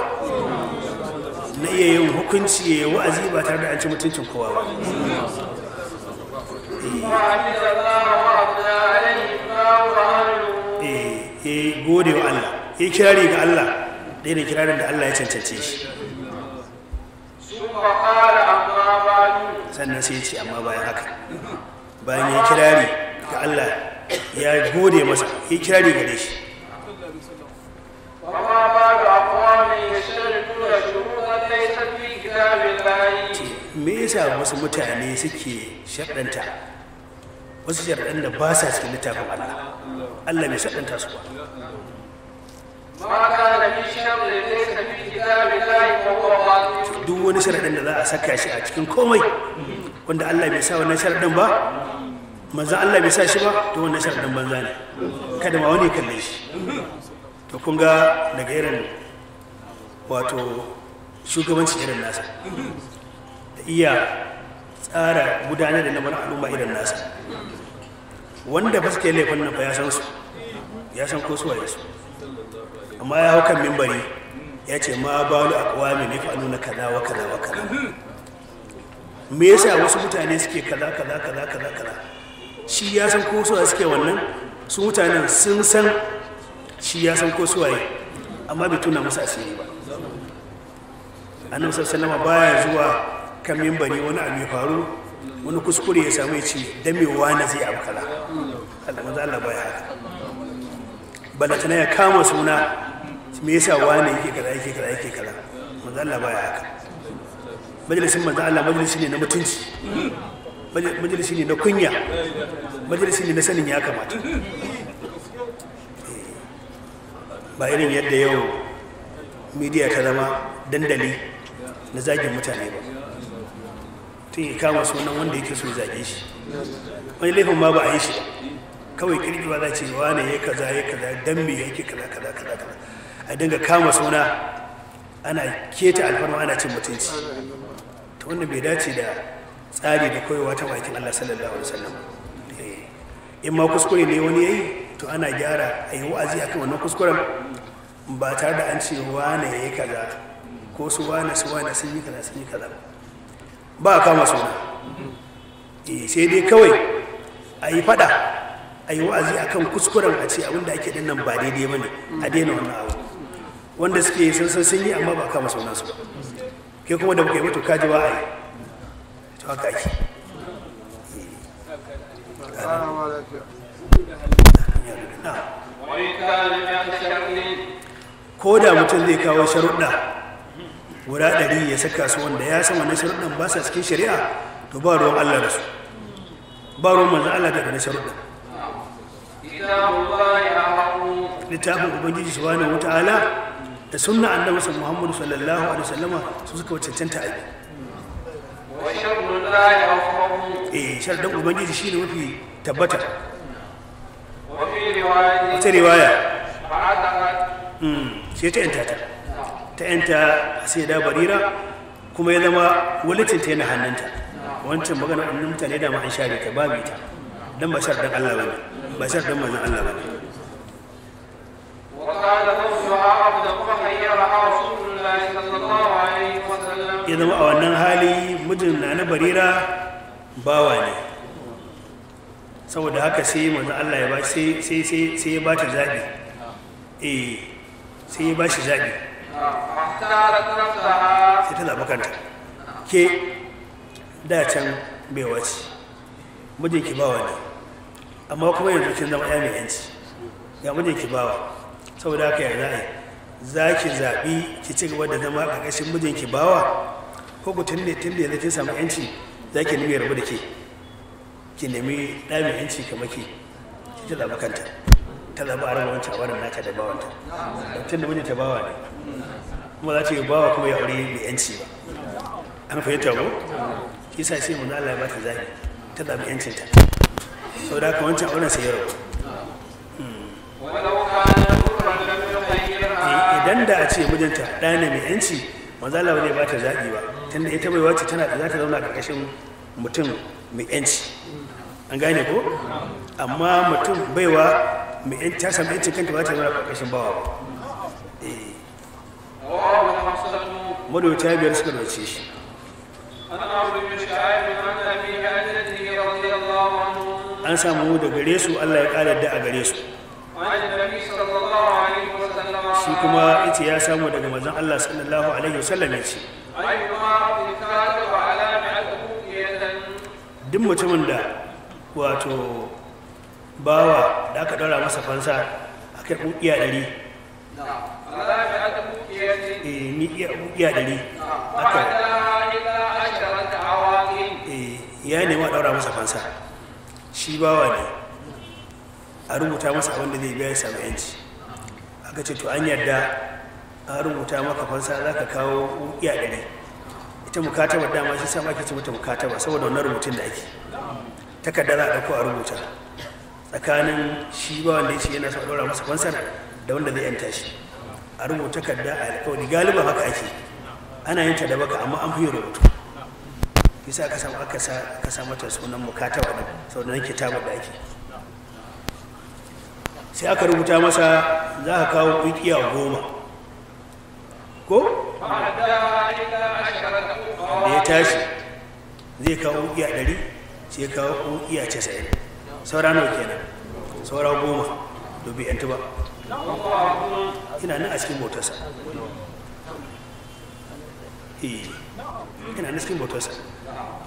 na iya yin hukunci ya yi wa'azi ba tare da an ci mutuncin kowa ba eh gode wa Allah ya kirari ga Allah ɗaya da kirarin da Allah ya cancance shi sannan sai ce amma bayan haka bayan ya kirari ga Allah ya gode masa ya kirari gare shi me yasa wasu mutane suke shaɗanta wasu shaɗan da ba sa cikin littafin Allah Allah mai shaɗanta su ba duk wani sharaɗin da za a saka shi a cikin komai wanda Allah bai sa wannan sharaɗin ba manzan Allah bai sa shi ba to wannan sharaɗin banza ne kada ma wani kalle shi to kun ga daga irin wato shugabanci irin nasa da iya tsara gudanar da lamarin al'umma irin nasa wanda ba su ke laifin nan ba ya san su ya san ko su waye su amma ya hau kan mimbari ya ce ma ba balu mai ne fa nuna kaza wa kaza wa kaza me yasa wasu mutane suke kaza kaza kaza kaza kaza shi ya san ko suwa suke wannan su mutanen sun san shi ya san ko yi amma bai tuna musu asiri ba annabi sallallahu alaihi baya zuwa kan mimbari wani abu ya faru wani kuskure ya samu ya ce damewa na zai abu kaza Allah maza Allah baya haka balatana ya kama suna me yasa wani yake kaza yake kaza yake kaza manzo Allah baya haka majalisin manzo Allah majalisi ne na mutunci majalisi ne na kunya majalisi ne na sanin ya kamata eh, ba irin yadda yau midiya ta zama dandali na zagin mutane ba tun yi kama sunan wanda yake so zage shi wani laifin ma ba a yi shi ba kawai kirkiwa za ce wa ne ya kaza ya kaza dan me yake kaza kaza a dinga kama suna ana keta alfarma ana cin mutunci ta wannan bai dace da tsari da koyowa ta bakin Allah sallallahu alaihi wasallam eh, in ma kuskure ne wani yayi to ana gyara a yi wa'azi a kan wannan kuskuren ba tare da an ce wane yi kaza ko su wane su wane sun yi kaza sun yi kaza ba a kama suna eh, sai dai kawai a yi fada a yi wa'azi a kan kuskuren a ce abinda ake dinnan ba daidai ba ne a daina wannan abu wanda suke sun san sun yi amma ba kama sunansu ba ke kuma da buke mutu kaji ba a yi ta haka ake ko da mutum zai kawo sharuɗa guda ɗari ya saka su wanda ya san na sharuɗan ba sa cikin shari'a to ba ruwan allah da su ba ruwan manzan allah daga na sharuɗan littafin ubangiji wani wata ala? da sunna annabi muhammadu sallallahu alaihi wasallama su suka cancanta a yi eh sharɗin ubangiji shi ne mafi tabbata wata riwaya hmm, sai ta yanta ta ta yanta sai da barira kuma ya zama walicinta yana hannunta wancan magana annabi mutane da ma an share ta babu dan ba sharɗin allah ba ne ba sharɗin manzon allah ba ne ya zama a wannan hali mijin na na barira bawa ne saboda haka sai mazi Allah ya ba sai ya ta eh sai ya ba shi zaɓi sai ta zaɓi kanta ke da can baiwa ce mijinki bawa ne amma kuma yanzu kin zama ya mai yanci mijin mijinki bawa saboda ka ya za'a za ki zaɓi ki ci gaba da zama a ƙarshen mijinki bawa ko ku tunde tunde yanzu kin samu yanci za ki nemi rabu da ke ki nemi ɗa mai yanci ka maki ki ta zaɓa kanta ta zaɓa a rana wancan a wannan naka da bawanta tun da mijinta bawa ne kuma za ta yi bawa kuma ya wuri mai yanci ba an fahimta ko shi sa sai mun Allah ya ba ta zaɓi ta zaɓi yancinta saboda wancan auren sai ya rabu idan da a ce mijinta ɗa ne mai yanci manzo Allah ba ta zaɓi ba da ita baiwa wace tana za ta zauna ƙarƙashin mutum mai yanci an gane ko amma mutum baiwa mai yanci ta samu yancin kanta ba ta zauna ƙarƙashin bawa ba eh. madauta biyar suka dace shi an samu da gare su Allah ya ƙara da a gare su shi kuma ita ya samu daga mazan Allah sallallahu alaihi wasallam ya ce duk mutumin da wato bawa da aka ɗaura masa fansa a kai kuɗiya ɗari eh, aka eh, ya nemi a ɗaura masa fansa shi bawa ne a rubuta masa abin da zai biya ya samu yanci aka ce to an yarda a rubuta maka fansa za ka kawo iya ɗari ita mukatabar dama shi sama ake ce mata mukataba saboda wannan rubutun da ake takarda za a ɗauko a rubuta tsakanin shi ba wanda ya ce yana son ɗora masa fansar da wanda zai yanta shi a rubuta takarda a alƙawari galiba haka ake ana yin ta da baka amma an fi rubutu yasa aka samu aka sa mata sunan mukatawa din saboda nan tabar da ake sai aka rubuta masa za ka kawo ƙwiƙiya goma ko? da ya tashi zai kawo ƙwiƙiya ɗari sai kawo ƙwiƙiya casa'in saura nawa kenan saura goma to bai yanta ba ina nan a cikin motarsa eh, ina na cikin motarsa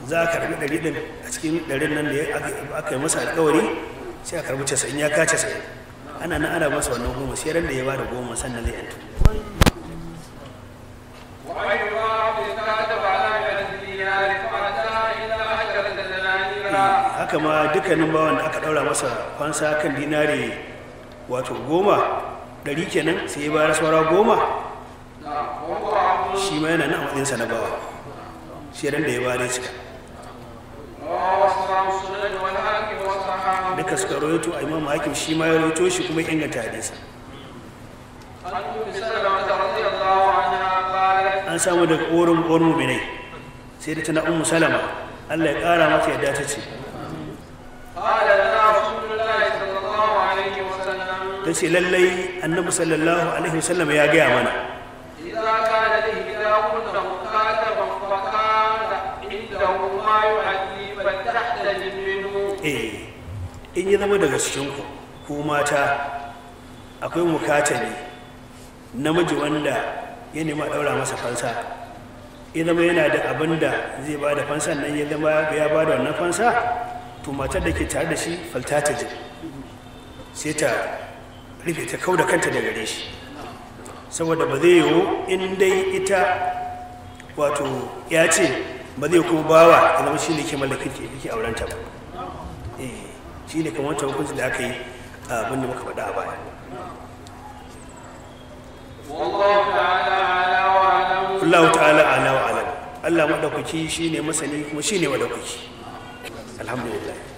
za a karbi ɗari ɗin a cikin ɗarin nan da aka yi masa alkawari sai a karbi casa'in ya ka casa'in ana nan ana masa wannan goma sai ran da ya bada goma sannan zai yanto eh, haka ma dukkanin bawan da aka daura masa fansa kan dinare wato goma ɗari kenan sai ya bayar saura goma shi ma yana nan a matsayinsa na bawa shi ran da ya da cika haka suka rawaito a imamu hakim shi ma ya rawaito shi kuma inganta hadisi an samu daga ƙorin ƙorin muminai sai da tana ummu salama allah ya ƙara mata yadda ta ce ta ce lallai annabi sallallahu alaihi wasallam ya gaya mana ya zama daga cikin ku ko mata akwai mukata ne namiji wanda ya nema daura masa fansa ya zama yana da abin da zai ba da fansa nan ya zama ya ba da wannan fansa to matar da ke tare da shi falta ta ji sai ta rufe ta kau da kanta da gare shi saboda ba zai yiwu in dai ita wato ya ce ba zai kuma bawa ya zama shi ne ke mallakin ke auren ta ba eh. shine kamar wancan hukunci da aka yi abin da muka faɗa a baya Allah ta'ala ala wa alam Allah madaukaki shine masani kuma shine madaukaki alhamdulillah